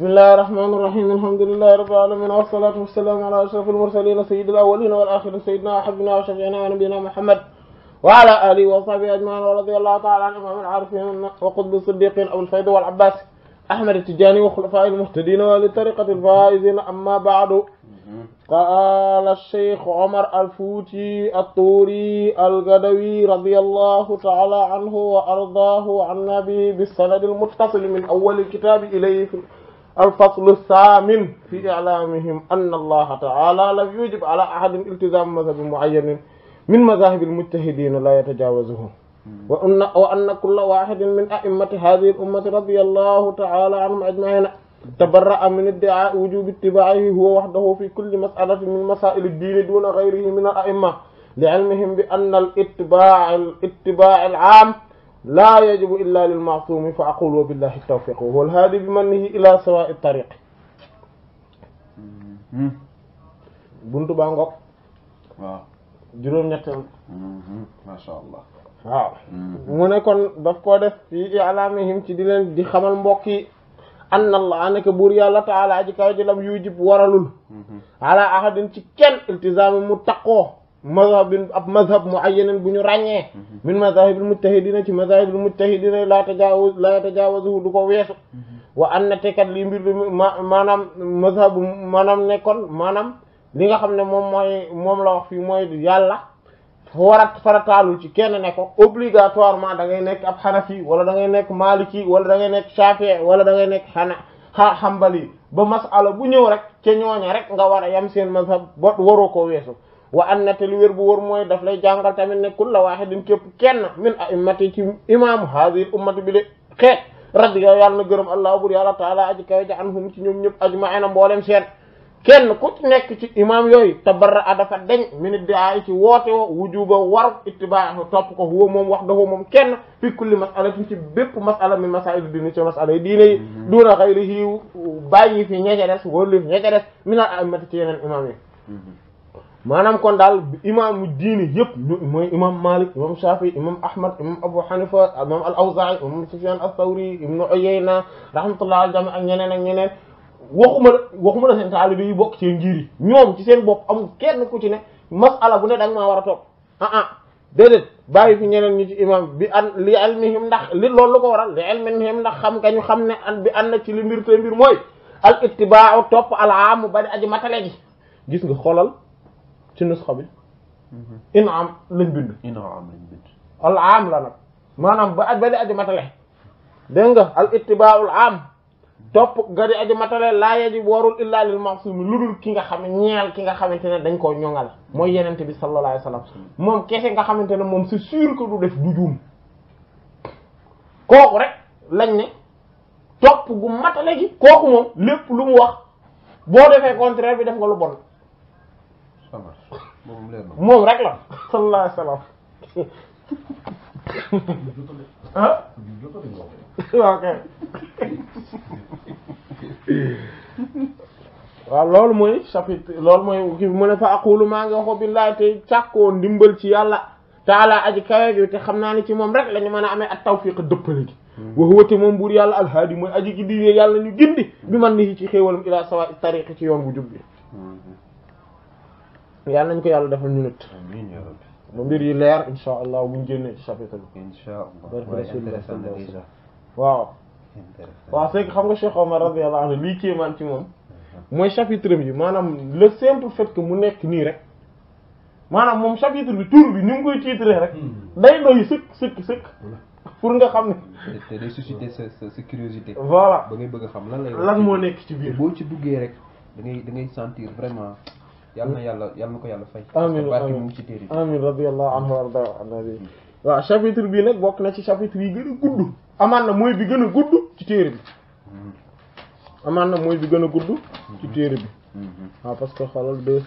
بسم الله الرحمن الرحيم الحمد لله رب العالمين والصلاة والسلام على أشرف المرسلين سيد الأولين والآخرين سيدنا أحبنا وشفعنا ونبينا محمد وعلى آله وصحبه أجمعين ورضي الله تعالى عن إمام العارفين وقطب الصديقين أبو الفيد والعباس أحمد التجاني وخلفاء المهتدين ولطريقة الفائزين أما بعد قال الشيخ عمر الفوتي الطوري القدوي رضي الله تعالى عنه وأرضاه عن النبي بالسند المتصل من أول الكتاب إليه في الفصل الثامن في إعلامهم أن الله تعالى لم يجب على أحد التزام مذهب معين من مذاهب المجتهدين لا يتجاوزه وأن, وأن كل واحد من أئمة هذه الأمة رضي الله تعالى عنهم أجمعين تبرأ من ادعاء وجوب اتباعه هو وحده في كل مسألة من مسائل الدين دون غيره من الأئمة لعلمهم بأن الاتباع الاتباع العام لا يجب إلا للمعصوم فأقول وبالله التوفيق وهو الهادي بمنه إلى سواء الطريق buntu baa ngoog waaw juróom-ñettel masha Allah waaw mu ne kon daf koo def fii i'laamihim ci di leen di xamal mbokk yi anna Allah naka buur yàlla taala aji kaw ji lam yujib waralul ala ahadin ci kenn iltizaami mu taqoo mazhabin ab mazhab muayyanin bu ñu ràññee mhm. min mazahibil mujtahidina ci mazahibil mujtahidina la tajawuz la tajawazuhu du ko weesu mhm. wa an na tekat li mbir ma maanaam mazhabu maanaam nekkoon maanaam li nga xam ne moom mooy moom la wax fii mooy yàlla warat farataalul ci kenn ne ko obligatoirement da ngay nekk ab xanafi wala da ngay nekk maliki wala da ngay nekk shafi'i wala dangay nekk xana xa xambali ba masala bu ñëw rek ca ñooña rek nga war a yam seen mazhab ba waru ko weesu wa anna te li wér bu mooy daf lay jàngal tamit ne kulla waahidin képp kenn min a'immati ci imaamu haadihil ummati bi le xeet radiya yàlla na gërëm allah bur yàlla taala aji ci ja anhum ci ñoom ñëpp ajma'ina mboolem seen kenn ku ci nekk ci imaam yooyu tabarra a dafa deñ min ad-du'a ci woote wo wujuba waru ittiba'u topp ko moom wax dafa moom kenn fi kulli mas'alatin ci bépp mas'ala min masaa'il diine ci mas'ala yi diine yi mm-hmm. duna ghayrihi bàyyi fi ñeece des wóorlu fi maanaam kon daal bi imaamu diini yëpp mooy imaam Malik imaam Shafi imaam Ahmad imaam Abu Hanifa imaam al-Awza'i imaam Sufyan ath-Thawri ibn Uyayna rahmatullah al-jami ak ñeneen ak ñeneen waxuma waxuma la seen taalibe yi bokk ci ngir yi ñoom ci seen bopp amul kenn ku ci ne masala bu ne da nga maa war a toog ah ah déedéet bàyyi fi ñeneen ñi ci imam bi an li ilmihim ndax li loolu lu ko waral li ilmihim ndax xam nga ñu xam ne an bi an na ci li mbir te mbir mooy al ittibaa'u topp al aamu bari aji matale ji gis nga xoolal ci nuskha bi mhm. inam lañ bind inam lañ bind al am la nak manam ba di matale de nga al ittiba'ul am top gari di matale la yaji warul illa lil ma'sum lu ki nga xam ñeal ki nga xamante ne dañ ko ñongal moy yenente bi sallallahu alayhi wasallam mom kesse nga xamante ne top c'est sûr que du def du juum koku rek lañ ne top gu matale gi koku mom lepp lu mu wax bo defé contraire bi def nga lu bon mom rek la sallallahu alayhi wasallam ah ok wa lol moy chapitre lol moy kii mu ne fa aqulu ma nga waxo billahi te chako ndimbal ci yàlla taala aji kawe gi te xamna ni ci mom rek lañu meuna amé at amee ak tawfiq dëppale gi waxuwate mom bur yàlla al hadi moy aji gi di yàlla ñu gindi bi man ni ci xéewalam ila sawa tariqi ci yoon bu jubbi yàlla nañ ko yàlla defal ñu nit ba mbir yi leer insha allah buñ génnee ci chapitre bi insha waaw waaw c'est que xam nga Cheikh Omar radiyallahu anhu lii kéemaan ci moom uh-huh. mooy chapitre bi maanaam le simple fait mu nekk nii rek maanaam moom chapitre bi tur bi ni mu koy tiitree rek hmm. day doy sëkk sëkk sëkk pour nga xam ne. te day susciter sa sa voilà ba ngay bëgg a xam lan lay. lan moo nekk ci biir boo ci duggee rek da ngay sentir vraiment. yal na yàlla ko yàlla fay. amiin amiin chapitre bi nag bokk na ci chapitre yi gën gudd amaan na bi gën gudd ci téere bi amaan na bi gën gudd ci téere bi waaw parce que xoolal deux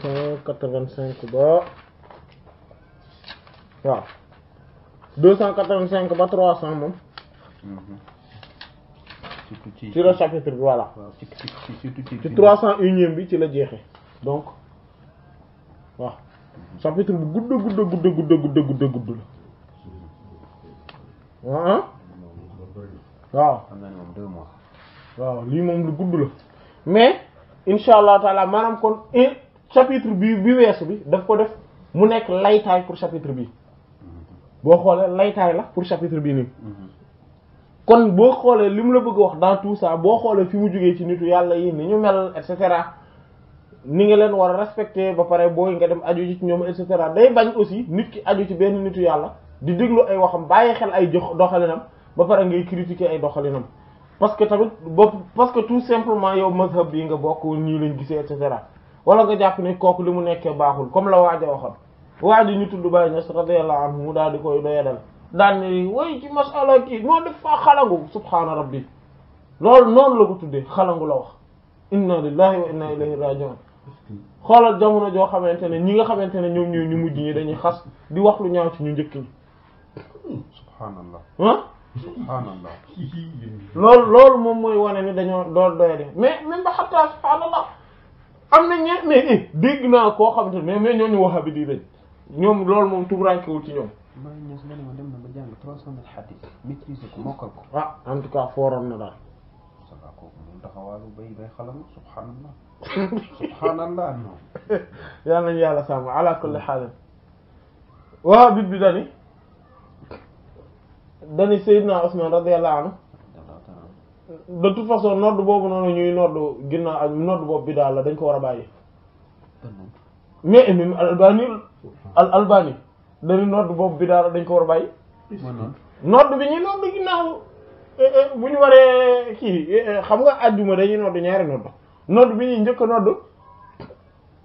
ba waaw deux ba trois ci chapitre bi voilà ci bi ci la donc waaw chapitre bu gudd gudd gudd gudd gudd gudd gudd la ah, ah. waaw lii moom lu gudd la mais insha allah taala maanaam kon eh, chapitre bi bi weesu bi daf ko def mu nekk laytaay pour chapitre bi boo xoolee laytaay la pour chapitre bi nii kon boo xoolee li mu la bëgg wax dans tout ça boo xoolee fi mu jógee ci nitu yàlla yi ni ñu mel et cetera ni nga leen war a respecté ba pare booy nga dem aju ci ñoom et cetera day bañ aussi nit ki aju ci benn nitu yàlla di déglu ay waxam bàyyi xel ay jox doxalinam ba pare ngay critiquer ay doxalinam parce que tamit bopp parce que tout simplement yow mazhab bi nga bokk nii lañ gisee et cetera wala nga jàpp ne kooku li mu nekkee baaxul comme la waaja waxoon waa a ñu tudd Baye Niass radiyallahu anhu mu daal di koy doyadal daan ne woy ci masala kii moo def faa xalangu subhaana rabbi loolu noonu la ko tuddee xalangu la wax inna lillahi wa inna ilayhi raji'un xoolal jamono joo xamante ne ñi nga xamante ne ñoom ñooy ñu mujj ñi dañuy xas di wax lu ñaaw ci ñu njëkk ñi. subhaanallah ah. subhaanallah. loolu loolu moom mooy wane ni dañoo doon doyale mais même ba xataa subhaanallah am na ñe mais eh, dégg naa koo xam ne mais mais ñooñu wax bi di lañ ñoom loolu moom tubrankewul ci ñoom. maa ngi ñëw ma dem ah en tout cas fooroon na daal. subhaanallah yal nañu yàlla sàmm ala kulli waaw bit bi dani dani Seydina Usman radiyallahu anhu de toute façon nodd boobu noonu ñuy nodd ginnaaw ak nodd boobu bi daal la dañ ko war a bàyyi mais même al albani albani dañu nodd boobu bi daal la dañ ko war a bàyyi nodd bi ñuy nodd ginnaaw eh, eh, bu ñu waree kii eh, xam nga àjjuma dañuy nodd ñaari nodd nodd bi ñuy njëkk a nodd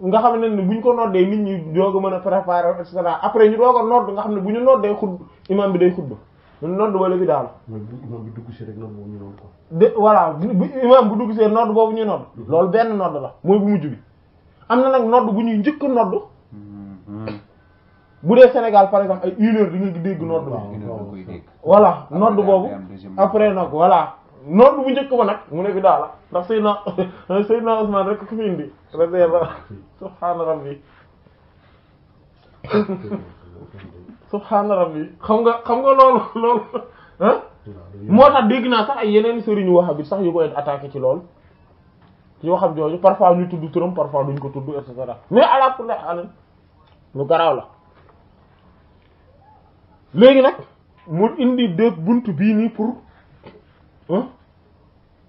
nga xam ne ni bu ñu ko noddee nit ñi doog a mën a préparer et après ñu doog a nodd nga xam ne bu ñu noddee xutba imaam bi day xutba ñun nodd wala bi daal. mooy bu imaam bi dugg si rek nodd boobu ñu nodd ko. boobu ñu nodd. Mhm. loolu benn nodd la mooy bu mujj am na nag nodd bu ñuy njëkk a nodd. Mhm. dee Sénégal par exemple ay une dégg nodd. noonu bu jëkk ba nag mu ne bidaa la ndax Seydina Seydina Usmaan rek ku fi indi radiyallahu subhaana rabbi subhaana rabbi xam nga xam nga loolu loolu ah moo tax dégg naa sax ay yeneen sëriñu wahhabi sax yu koy attaqué ci loolu ci waxam jooju parfois ñu tudd turam parfois duñ ko tudd et cetera mais ala kulli haal lu garaaw la léegi nag mu indi deux bunt bii nii pour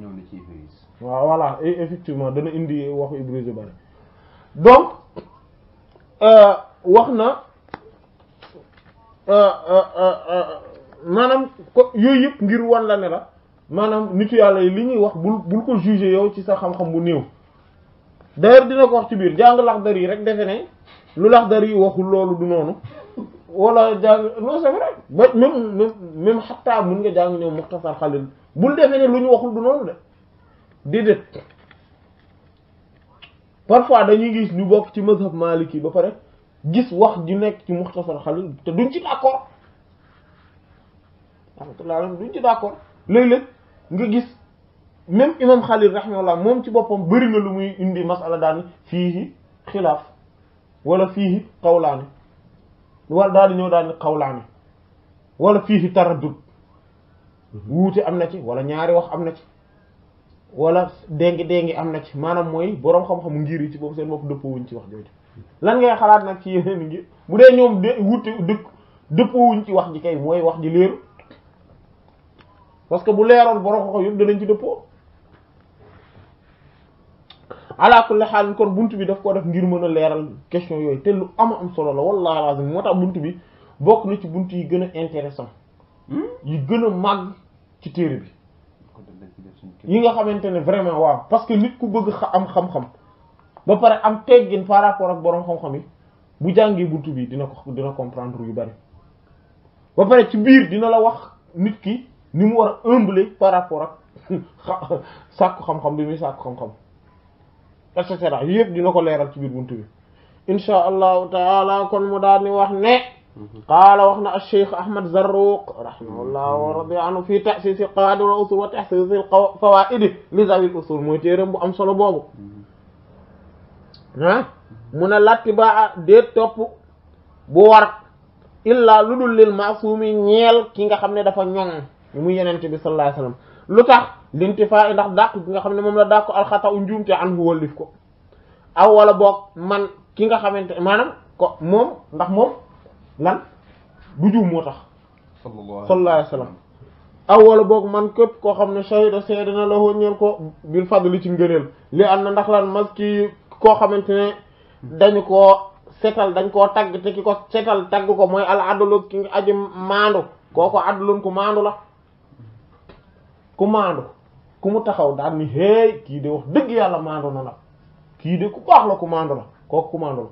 ñëw na waaw voilà effectivement dana indi waxu Ibris yu bari donc euh, wax na euh, euh, maanaam ko yooyu yëpp ngir wan la ne la maanaam nitu yàlla yi li ñuy wax bul bul ko juger yow ci sa xam-xam bu néew d'ailleurs dina ko wax ci biir jàng laxdar yi rek defe ne lu laxdar yi waxul loolu du noonu wala jàng non c'est vrai ba même même hatta mën nga jàng ñoom Muxtasar khalil bul defee ne luñu waxul du non de déedéet parfois dañuy gis ñu bok ci mazhab Maliki ba pare gis wax ju nek ci Muxtasar khalil te duñ ci d'accord rahmatullah alayhi duñ ci d'accord léeg-léeg nga gis même imam khalil rahimahullah mom ci bopam beuri na lu muy indi masala daani fihi khilaf wala fihi qawlan wala daal di ñëw daal di xawlaani wala fii fi taraddud wuute am na ci wala ñaari wax am na ci wala déngi déngi am na ci maanaam mooy boroom xam-xamu ngir yi ci boobu seen bopp dëppoo wuñ ci wax jooju lan ngay xalaat nag ci yeneen ngir bu dee ñoom de wuute dëkk dëppoo wuñ ci wax ji kay mooy wax ji leeru parce que bu leeroon boroom xam-xam yëpp danañ ci dëppoo ala kulli xaal kon buntu bi daf ko def ngir mën a question yoy te lu am am solo la wallahi lazim motax buntu bi bokk na ci buntu yi gëna a intéressant hmm? yi gëna mag ci téere bi yi nga xamantene vraiment wa parce que nit ku bëgg xam xam-xam ba paré am téggine par rapport ak borom xam-xam yi bu jàngee buntu bi dina ko dina comprendre yu bari ba paré ci biir dina la wax nit ki ni mu war a par rapport ak sàkku xam-xam bi mi sàkku xam-xam et cetera dina ko leeral ci biir buntu bi insha allahu taala kon mu daal ni wax ne qaala wax na acheikh ahmad zarruq rahimahullah wa radiya anhu fii ta'sisi qawaid al usul wa tahsis al fawaid li zawi usul mooy téeram bu am solo boobu ah mu ne latti ba déet topp bu war illaa lu dul maasumi ñeel ki nga xam ne dafa ñoŋ mu yenente bi sallallahu alayhi wasallam lu tax lintifaa ndax dàq gi nga xam ne moom la dàq alxata u njuumte an hu wallif ko aw wala boog man ki nga xamante maanaam ko moom ndax moom lan du juum moo tax sallallahu alayhi aw wala boog man képp koo xam ne shahida seede na lahoo ñeen ko bil fadli ci ngëneel li am na ndax lan maski koo xamante ne dañu ko setal dañ koo tagg te ki ko setal tagg ko mooy al adlu ki nga aji maandu kooko adlun ku maandu la ku maandu ku mu taxaw daal ni hey kii de wax dëgg yàlla maandu na nag kii de ku baax la ku maandu la kooku ku maandu la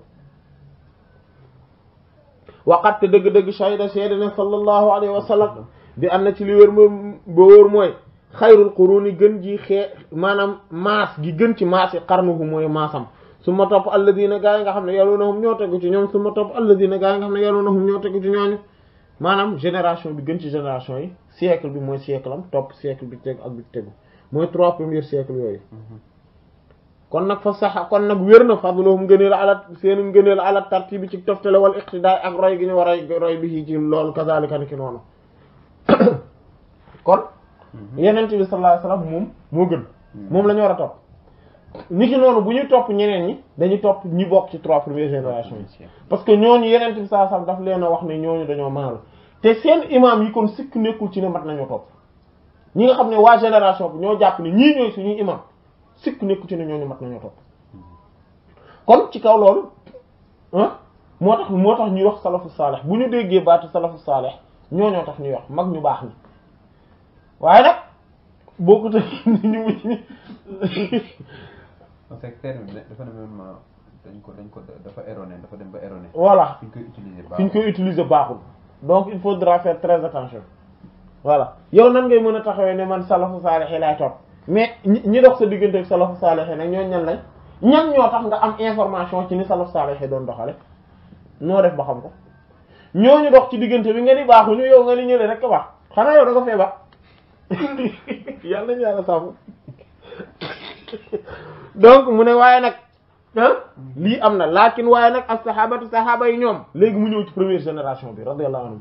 waqat te dëgg-dëgg shahida seede ne sallallahu alayhi wa sallam di am na ci li wér moom ba wóor mooy xayrul yi gën ji xee maanaam maas gi gën ci maas yi qarnuhu mooy maasam su ma topp alladina gaa yi nga xam ne yalunahum ñoo tegu ci ñoom su ma topp alladina gaa yi nga xam ne yalunahum ñoo tegu ci ñooñu maanaam génération bi gën ci génération yi siècle bi mooy siècle am topp siècle bi tegu ak bi tegu mooy trois premiers siècles yooyu mhm. kon nag fa sax kon nag wér na fadluhum la ala seen ngëneel ala tartibi ci toftale wal iqtidaay ak roy gi ñu war a roy bi ci loolu kazalika ni ki noonu kon mhm. yenent bi sallallahu alayhi wasallam moom moo gën mhm. moom lañu war a topp ni ki noonu bu ñu topp ñeneen ñi dañu topp ñi bokk ci trois premières générations yi parce que ñooñu yenent bi sallallahu alayhi daf leen wax ne ñooñu dañoo maanu te seen imam yi kon sikk nekkul ci ne mat nañoo topp ñi nga xam ne waa génération bi ñoo jàpp ni ñii ñooy suñuy imam sikk nekku ci ñoo ñooñu mat nañoo topp kon ci kaw loolu ah, moo tax moo tax ñuy wax salafu saalih bu ñu déggee baatu salafu ñoo ñoo tax ñuy wax mag ñu baax ni waaye nag boo ko ni ñu mujj ni dañ ko dañ ko dafa erroné dafa dem ba erroné voilà fi ñu koy utiliser baaxul donc il faut faudra faire très attention voilà yow nan ngay mën a taxawee ne man salafu saalixi laay topp mais ñi dox sa diggante ak salafu saalixi nag ñoo ñan lañ ñan ñoo tax nga am information ci ni salaf saalixi doon doxale noo def ba xam ko ñooñu dox ci diggante bi nga ni baaxuñu yow nga ni ñële rek baax xanaa yow da nga fee baax yàlla ñu yàlla sàmm donc mu ne waaye nag ah lii am na laakin waaye nag as saxaabatu saxaaba yi ñoom léegi mu ñëw ci première génération bi radiyallahu anhu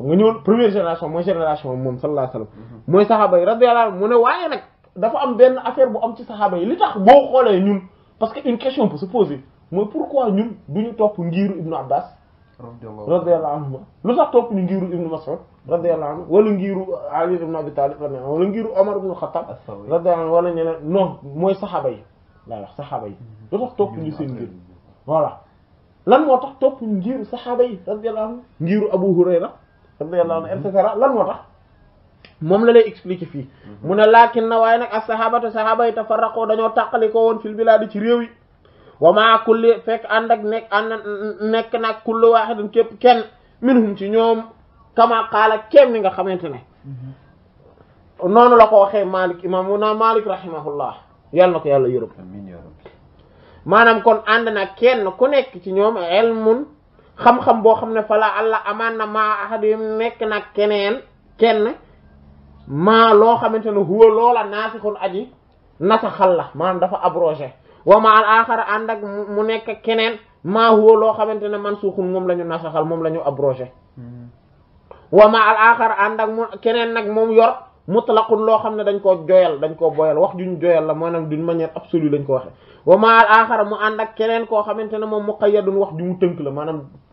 xam nga ñëwoon première génération mooy génération moom sallallahu alayhi wasallam mooy saxaaba yi radiyallahu anhu mu ne waaye nag dafa am benn affaire bu am ci saxaaba yi li tax boo xoolee ñun parce que une question peut se poser mooy pourquoi ñun duñu topp ngiiru ibnu abbas radiyallahu anhu lu tax topp ñu ngiiru ibnu mas'ud radiyallahu anhu wala ngiiru ali ibnu abi talib radiyallahu wala ngiiru omar ibnu xattab radiyallahu anhu wala ñeneen non mooy saxaaba yi laa wax saxaaba yi lu tax topp ñu seen ngir voilà lan moo tax topp ngiiru saxaaba yi radiyallahu anhu ngiiru abu hurayra radiyallahu anhu et tax moom la lay expliquer fii mhm. mu ne laakin na waaye nag as-sahabatu sahaba yi tafarraqoo dañoo tàqali ko woon fil bilaadi ci réew yi wa maa kulli fekk ànd ak nekk ànd nekk nag kulli waahidin képp kenn minhum ci ñoom kama qaala kenn ni nga xamante ne mhm. noonu la ko waxee Malik imam mu na Malik rahimahullah yàlla na ko yàlla yërëm maanaam kon ànd na kenn ku nekk ci ñoom ilmun xam-xam boo xam ne fala allah amaan na maa ahadim nekk nag keneen kenn maa loo xamante ne huwa loola naasixun aji nasaxal la maanaam dafa abrogé wa ma al axara ànd ak mu nekk keneen maa loo xamante ne mansuuxun moom la ñu nasaxal moom la ñu abrogé hmm. wa ma al axara ak mu keneen nag moom yor mutlaqun loo xam ne dañ koo joyal dañ koo boyal wax juñ joyal la maanaam d'une manière absolue lañ ko waxe wa ma al axara mu ànd ak keneen koo xamante ne moom mu muqayyadun wax ju tënk la maanaam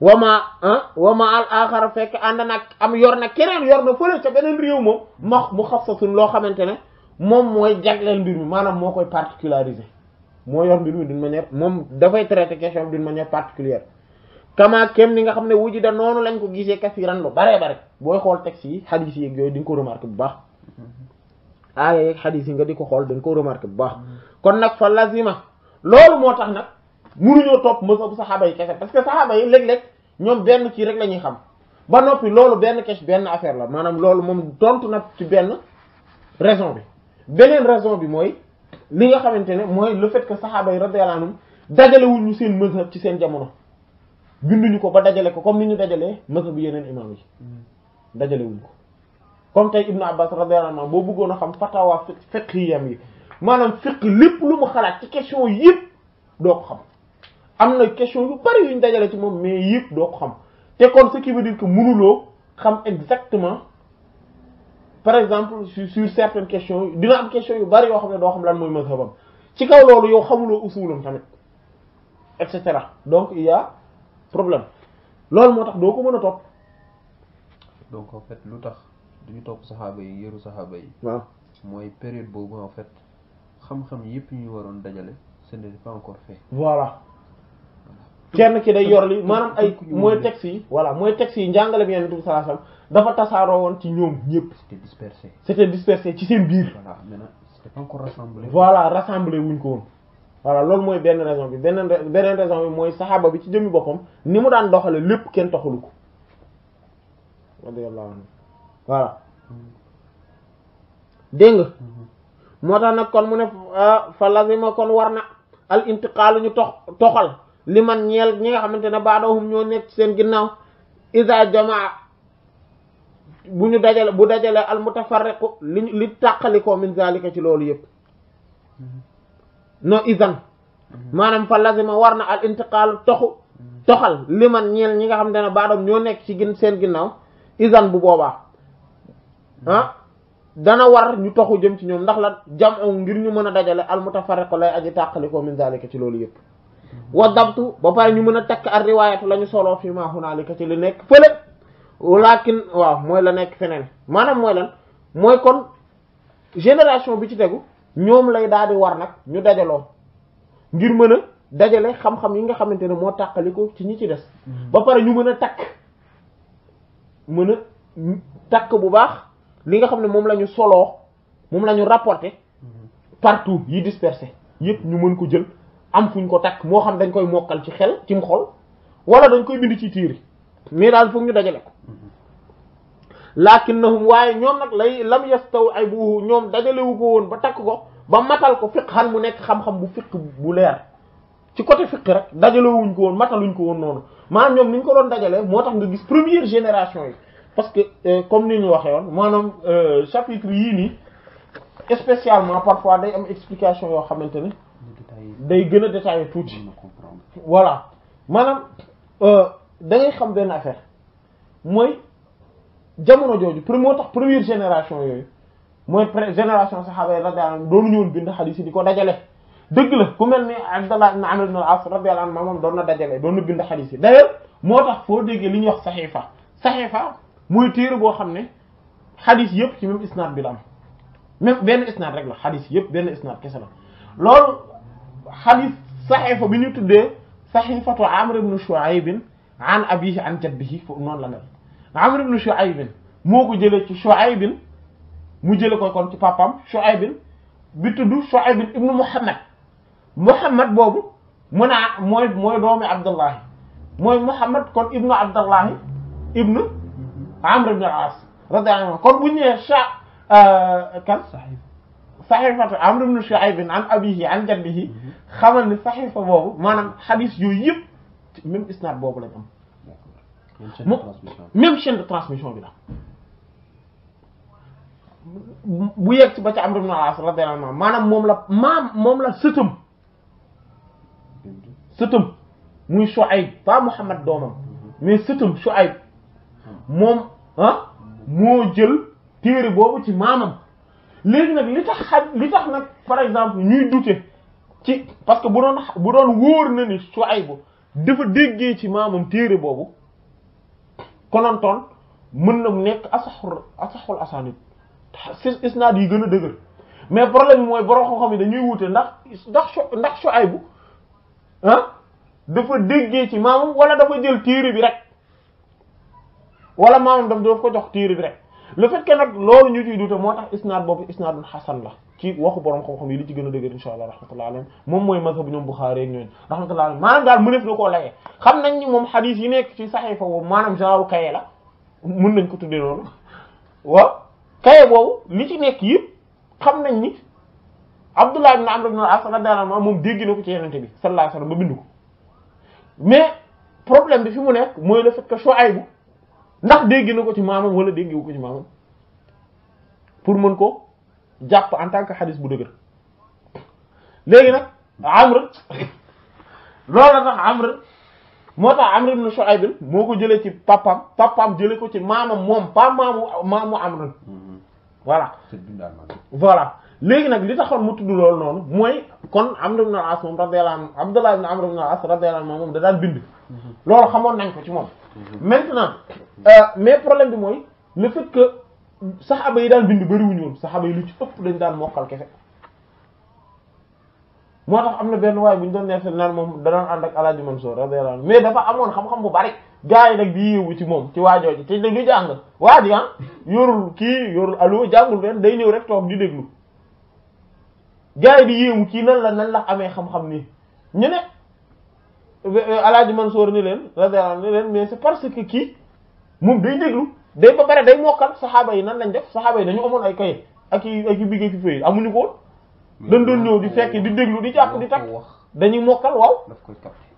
wama ah wama al axara fekk ànd nag am yor na keneen yor na fële ca beneen réew moom ma mu sa sasun loo xamante ne moom mooy jagleel mbir mi maanaam moo koy particulariser moo yor mbir mi d'une manière moom dafay traiter question bi d'une manière particulière kama kem ni nga xam ne wuji da noonu lañ ko gisee kasiran lu baree bare booy xool texte yi xadis yi yooyu di ko remarquer bu baax aaya yeeg xadis yi nga di ko xool da nga ko remarquer bu baax mm-hmm. kon nag fa lazima loolu moo tax nag mënuñoo topp mazhabu sahaba yi kessé parce que sahaba yi léeg-léeg ñom benn ci rek lañuy xam ba nopi loolu benn kess benn affaire la manam loolu mom tontu na ci benn raison bi benen raison bi moy li nga xamantene moy le fait que sahaba yi radhiyallahu dajale wuñu seen mazhab ci seen jamono binduñu ko ba dajale ko comme niñu dajale dajalee mazhabu yeneen imaam yi wuñu ko comme tay ibnu Abbas radhiyallahu bo bëggono xam fatawa fiqhiyam yi manam fiqh lépp lu mu xalat ci question yëpp do ko xam amna question yu bari yuñ dajale ci mom mais yëpp do ko xam té kon ce qui veut dire que mënuloo xam exactement par exemple sur sur certaines questions dina am question yu bari yo xam do xam lan mooy mazhabam ci kaw lolu yo xamulo usulum tamit et cetera donc il y a problème loolu motax do ko mën top donc en fait lu tax duñu top saxaaba yi yëru saxaaba yi. waaw mooy période boobu en fait xam-xam yëpp ñu waron dajale ce n'est pas encore fait. voilà. kenn ki day yor li maanaam ay mooy texte yi voilà mooy texte yi njàngale bi Yonent bi sallallahu alayhi dafa tasaaroo woon ci ñoom ñëpp. c'était dispersé c'était ci seen biir. voilà maintenant c'était pas encore rassemblé. wuñ ko woon. loolu mooy benn raison bi beneen beneen raison bi mooy saxaaba bi ci jëmmi boppam ni mu daan doxale lépp kenn taxalu ko. radiyallahu anhu voilà mm-hmm. moo tax nag kon mu ne ah, fa lazima kon war na al intiqaalu ñu tox toxal. li man ñeel ñi nga xamante ne baadahum ñoo nekk seen ginnaaw isa jamaa bu ñu dajale bu dajale al mutafarriqu li li tàqalikoo ci loolu yëpp no isan maanaam fa lazima war na al intiqaalu toxu toxal li man ñeel ñi nga xamante ne baadahum ñoo nekk ci gin seen ginnaaw isan bu boobaa ah dana war ñu toxu jëm ci ñoom ndax la jamu ngir ñu mën a dajale al mutafarriqu lay aji tàqalikoo min zalika ci loolu yëpp wa dabtu ba pare ñu mën a takk ar riwaayatu la ñu soloo fi maa hunaalika ci li nekk fële walakin waaw mooy la nekk feneen maanaam mooy lan mooy kon génération bi ci tegu ñoom lay daal di war nag ñu dajaloo ngir mën a dajale xam-xam yi nga xamante ne moo tàqaliko ci ñi ci des mm. ba pare ñu mën a takk mën a takk bu baax li nga xam ne moom la ñu soloo moom la ñu rapporté mm. partout yi dispersé yépp ñu mën ko jël am fuñ ko tak mo xam dañ koy mokal ci xel ci mu xol wala dañ koy bind ci tiiri mais dal foog ñu dajale ko lakinnahum way ñom nak lay lam yastaw ay bu ñoom dajalewu ko won ba tak ko ba matal ko fiq xan mu nek xam-xam bu fiq bu leer ci côté fiq rek dajale wuñ ko won mataluñ ko won noonu maanaam ñom niñ ko doon dajale motax tax nga gis première génération yi parce que euh, comme ni ñu waxee woon maanaam euh, chapitre yi ni spécialement parfois day am explication yo xamanteni day gën a détaillé tuuti voilà maanaam euh, da ngay xam benn affaire mooy jamono jooju pour moo tax première génération yooyu mooy génération saxaaba yi radiyallahu anhum doonu ñëwoon bind xadiis yi di ko dajale dëgg la ku mel ni Abdallah ibn Amr ibn al-As radiyallahu anhu moom doon na dajalee doon na bind xadiis yi d'ailleurs moo tax foo déggee li ñuy wax saxiifa saxiifa muy téere boo xam ne xadiis yëpp ci même isnaad bi la am même benn isnaad rek la xadiis yëpp benn isnaad kese la loolu hadith sahifa bi ñu tuddee saxiifatu Amr ibn Shuayb an abiihi an jaddihi foofu noonu la mel Amr ibn Shuayb moko jele ci Shuayb mu jele ko kon ci papam Shuayb bi tuddu Shuayb ibn Muhammad Muhammad bobu muna moy moy mooy doomi Abdullahi mooy Muhammad kon ibn abdullah ibn Amr ibn al-As radhiyallahu anhu kon bu ñu nee cha kan. saxiifatu Amr ibn Shu'ayb an abeehi an jaddihi xamal ni saxiifa bobu manam hadith yoy yep même isnad bobu lañ am. même chaîne de transmission bi la bu yek ci ba ci Amr ibn al-As radiyallahu anhu maanaam moom la mam mom la sëtëm sëtëm muy Shu'ayb ba Muhammad domam mais sëtëm Shu'ayb mom han mo jël téré bobu ci manam léegi nag li li tax nag par exemple ñuy douter ci parce que bu doon bu doon wóor na ay Shuayb dafa déggee ci maamam téere boobu konontoon mën na nekk asaxul asaxul asanid isnaad yi gën a dëgër mais problème bi mooy borom xam-xam yi dañuy wute ndax ndax su ndax Shuayb ah déggee ci maamam wala dafa jël téere bi rek wala maamam daf daf ko jox téere bi rek le fait que nak loolu ñu ciy duute motax isnad bobu isnadul hasan la ci waxu borom xam-xam yi li ci gëna a dëgër insha allah rahmatullah alayhi moom mooy mazhabu ñom bukhari ak ñooñu rahmatullah manam maanaam daal mëneef na koo layee xam nañ ni mom hadith yi nekk ci sahifa wo manam genre kaye la mën nañ ko tuddé noonu wa kaye bobu li ci nekk yi xam nañ ni Abdullah ibn Amr ibn al-As radhiyallahu anhu moom dégg nako ci Yonent bi sallallahu alayhi wa sallam ba bindu ko mais problème bi fi mu nekk moy le fait que shuaibou ndax dégg na ko ci maamam wala dégg wu ko ci maamam pour mën ko jàpp en tant que xadis bu dëgër léegi nag amr loolu la tax amr moo tax amr ibn Shuayb moo ko jëlee ci papam papam jëlee ko ci maamam moom pa maamu maamu amr voilà voilà léegi nag li taxoon mu tudd loolu noonu mooy kon amr ibn al-As moom radiyallahu anhu Abdullah ibn Amr ibn al-As radiyallahu anhu moom da daan Mm-hmm. loolu xamoon nañ ko ci moom mm-hmm. maintenant euh, mais problème bi mooy le fait que saxaaba yi daan bind bariwuñu woon saxaaba yi lu ci ëpp dañ daan mokkal kese moo tax am na benn waaye bu ñu doon neexal naan moom danaan ànd ak Alaaji Mansour radiyallahu anhu mais dafa amoon xam-xam bu bari gars yi nag di yéewu ci moom ci waajooji te dañu jàng waa ji ah yorul kii yorul aloo jàngul benn day ñëw rek toog di déglu gars yi di yéewu kii nan la nan la amee xam-xam nii ñu ne aladi Mansour ni len radhiyallahu ni len mais c'est parce que ki mom day deglu day ba bare day mokal sahaba yi nan lañ def sahaba yi dañu amone ay kay ak ak i bigee feuy amuñu ko dañ doon ñew di fekk di deglu di japp di takk dañuy mokkal waaw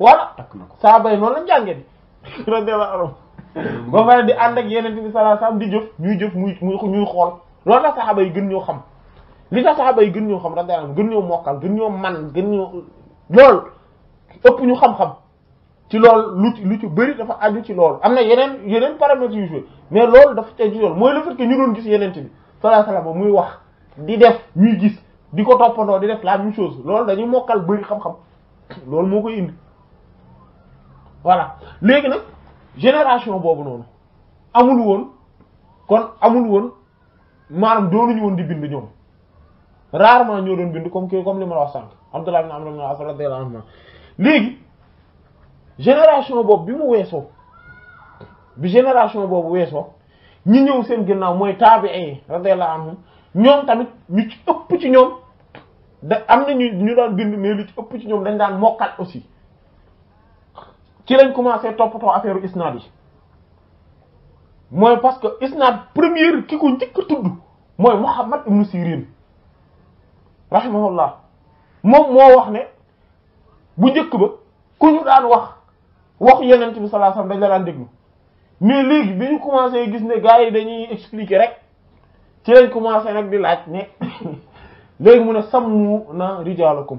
voilà sahaba yi non lañ jangé hmm. bi radiyallahu ba bare di and ak yenenbi sallallahu alayhi wasallam di jëf ñuy jëf muy muy ñuy xol lool la sahaba yi gën ñoo xam li tax saxaaba yi gën ñoo xam radhiyallahu gën ñoo mokal gën ñoo man gën ñoo lool ëpp ñu xam-xam ci lool lu ci lu ci bëri dafa aju ci lool am na yeneen yeneen paramètres yu mais loolu dafa tey ci yoon mooy le fait ñu doon gis yeneen bi sallallahu alayhi wasallam muy wax di def ñuy gis di ko toppandoo di def la même chose loolu dañuy mokkal bëri xam-xam loolu moo ko indi voilà léegi nag génération boobu noonu amul woon kon amul woon maanaam ñu woon di bind ñoom rarement ñoo doon bind comme comme li ma la wax sànq Abdullah ibn Amr ibn léegi génération boobu bi mu weesoo bi génération boobu weeso ñi ñëw seen ginnaaw mooy taabi'i radiyallahu anhum ñoom tamit ñu ëpp ci ñoom da am na ñu ñu daan bind mais ci ëpp ci ñoom dañ daan mokkal aussi ci lañ commencé toppatoo affaire isnaad yi mooy parce que isnaad première ki ko njëkk a tudd mooy Muhammad ibn Sirin rahimahullah moom moo wax ne. bu njëkk ba ku ñu daan wax wax yeneen bi sallallahu alayhi wasallam dañ la daan déglu mais léegi bi ñu commencé gis ne gars yi dañuy expliquer rek ci lañ commencé nag di laaj ne léegi mu ne sàmm na rijaalakum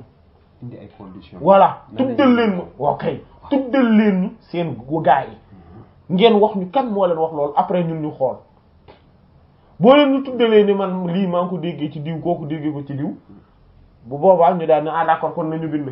indi ay conditions voilà tuddal leen ma waaw kay tuddal leen ñu seen gars yi mhm. ngeen wax ñu kan moo leen wax loolu après ñun ñu xool boo leen ñu tuddalee ni man lii maa ngi ko déggee ci kooku déggee ko ci diw bu boobaa ñu daal ne ah d'accord kon nañu bind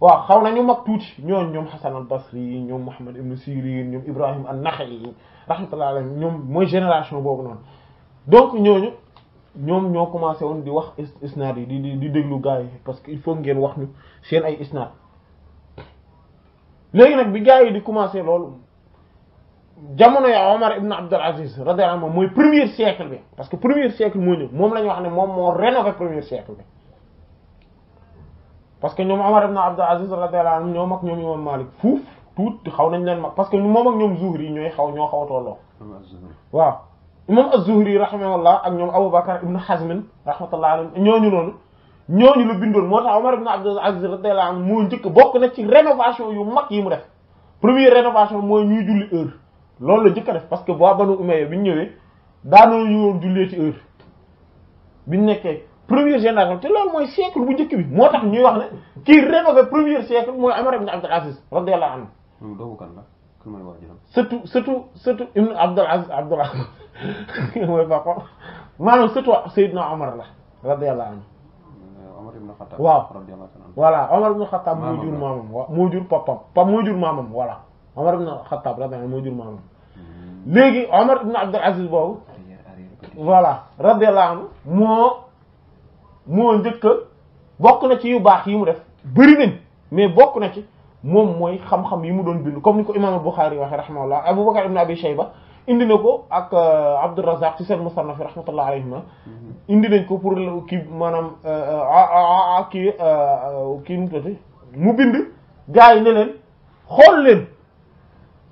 wa xawna ñu mag tuuti ñooñu ñom Hasan al-Basri ñom Muhammad ibn Sirin ñom Ibrahim an-Nakha'i rahmatullahi alayhi ñom moy génération bobu non donc ñooñu ñom ñoo commencé won di wax isnad di di déglu gaay parce que il faut ngeen wax ñu seen ay isnad legi nak bi gaay di commencé loolu jamono ya Omar ibn abd al Aziz radhiyallahu anhu moy premier siècle bi parce que premier siècle moo ñu mom lañ wax ne mom mo rénover premier siècle bi parce que ñom Omar ibn Abd al Aziz radhiyallahu anhu ñom ak ñom imam Malik fouf tout xaw nañ leen mag parce que mom ak ñom Zuhri ñoy xaw ño xaw tolo wa imam az-Zuhri rahimahullah ak ñom Abu Bakr ibn Hazm rahmatullahi alayhi ñoñu non ñoñu lu bindoon moo tax Omar ibn Abd al Aziz radhiyallahu anhu mo ñëk bok na ci rénovation yu mak yi mu def première rénovation moy ñuy julli heure loolu la jëk def parce que bo Banu Umayya biñ ñëwé ñëwee daanoo ñu julli ci heure biñ nekké première génération te loolu mooy siècle bu njëkk bi moo ñuy wax ne kii rénové premier siècle moy Omar ibn Abdul Aziz radiyallahu anhu. doomu kan la kan mooy waajuram. surtout surtout surtout ibn Abdul Aziz Abdul Aziz mooy papa maanaam surtout Seydina Omar la radiyallahu anhu. Euh, Omar ibn Khattab wa radiyallahu anhu. voilà Omar ibn Khattab moy jur maamam waaw moo jur papam pa moy jur mamam voilà Omar ibn Khattab radiyallahu anhu moy jur mamam hmm. légui Omar ibn Abdul Aziz boobu. voilà radiyallahu anhu mo moo njëkk a bokk na ci yu baax yi mu def bëri nañ mais bokk na ci moom mooy xam-xam yi mu doon bind comme ni ko imaamul Buxaari waxe rahimahullah Abubakar ibn Abi Shayba indi na ko ak euh, Abdurrazzaq ci seen musannaf rahmatullah alayhima mm-hmm. indi nañ ko pour kii maanaam euh, euh, kii kii mu tati mu bind gars na leen xool leen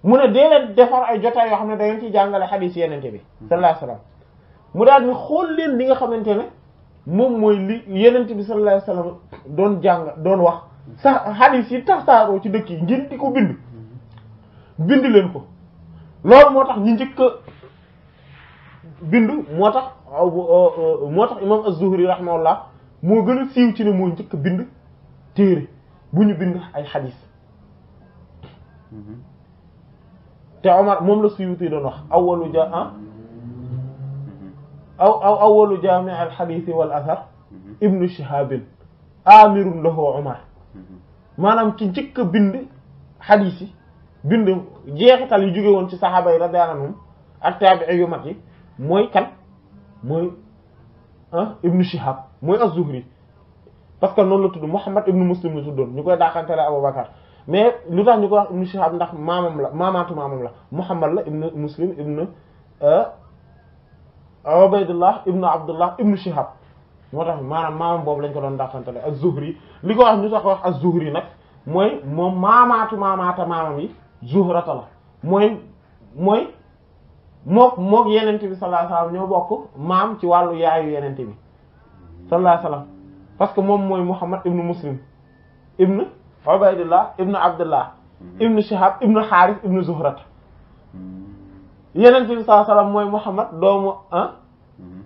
mu ne dee leen defar ay jotaay yoo xam ne da ngeen ci jàngale xadiis yenente bi mm-hmm. sallallahu alayhi wasallam mu daal xool leen li nga xamante ne moom mooy li yenent bi sallallahu alayhi wasallam doon jàng doon wax sa hadith yi taxtaaroo ci dëkk yi ngir di ko bind bind leen ko loolu moo tax ñu njëkk bind moo tax uh, moo tax imam az moo gën a siiw ci ne moo njëkk a bind téere bu ñu bind ay hadith mm-hmm. te Omar moom la Suyuti doon wax awwalu jaa ah? أو أو أول جامع الحديث والأثر ابن شهاب أمير له عمر ما لم تجك بند حديثي بند جيه تالي جوجي وانت صحابة إلى دارهم أكتب عيو ماتي موي كان موي ها ابن شهاب موي الزهري بس كان نقول تدو محمد ابن مسلم تدو نقول ده كان تلا أبو بكر مي لودا نقول ابن شهاب ده ما مملا ما ماتوا ما مملا محمد لا ابن مسلم ابن Ubaydullah ibn Abdullah ibn Shihab motax manam mam bobu lañ ko doon dàqantale az-Zuhri liko wax ñu tax wax az-Zuhri nak moy mom mamatu mamata mamam yi Zuhrata la moy moy mok mok yenente bi sallallahu alayhi wasallam ñoo bokk maam ci wàllu yaayu yenente bi sallallahu alayhi wasallam parce que mom moy Muhammad ibn Muslim ibn Ubaydullah ibn Abdullah ibn Shihab ibn Harith ibn Zuhrata yeneen bi saa salaam mooy Muhammad doomu ah mm-hmm.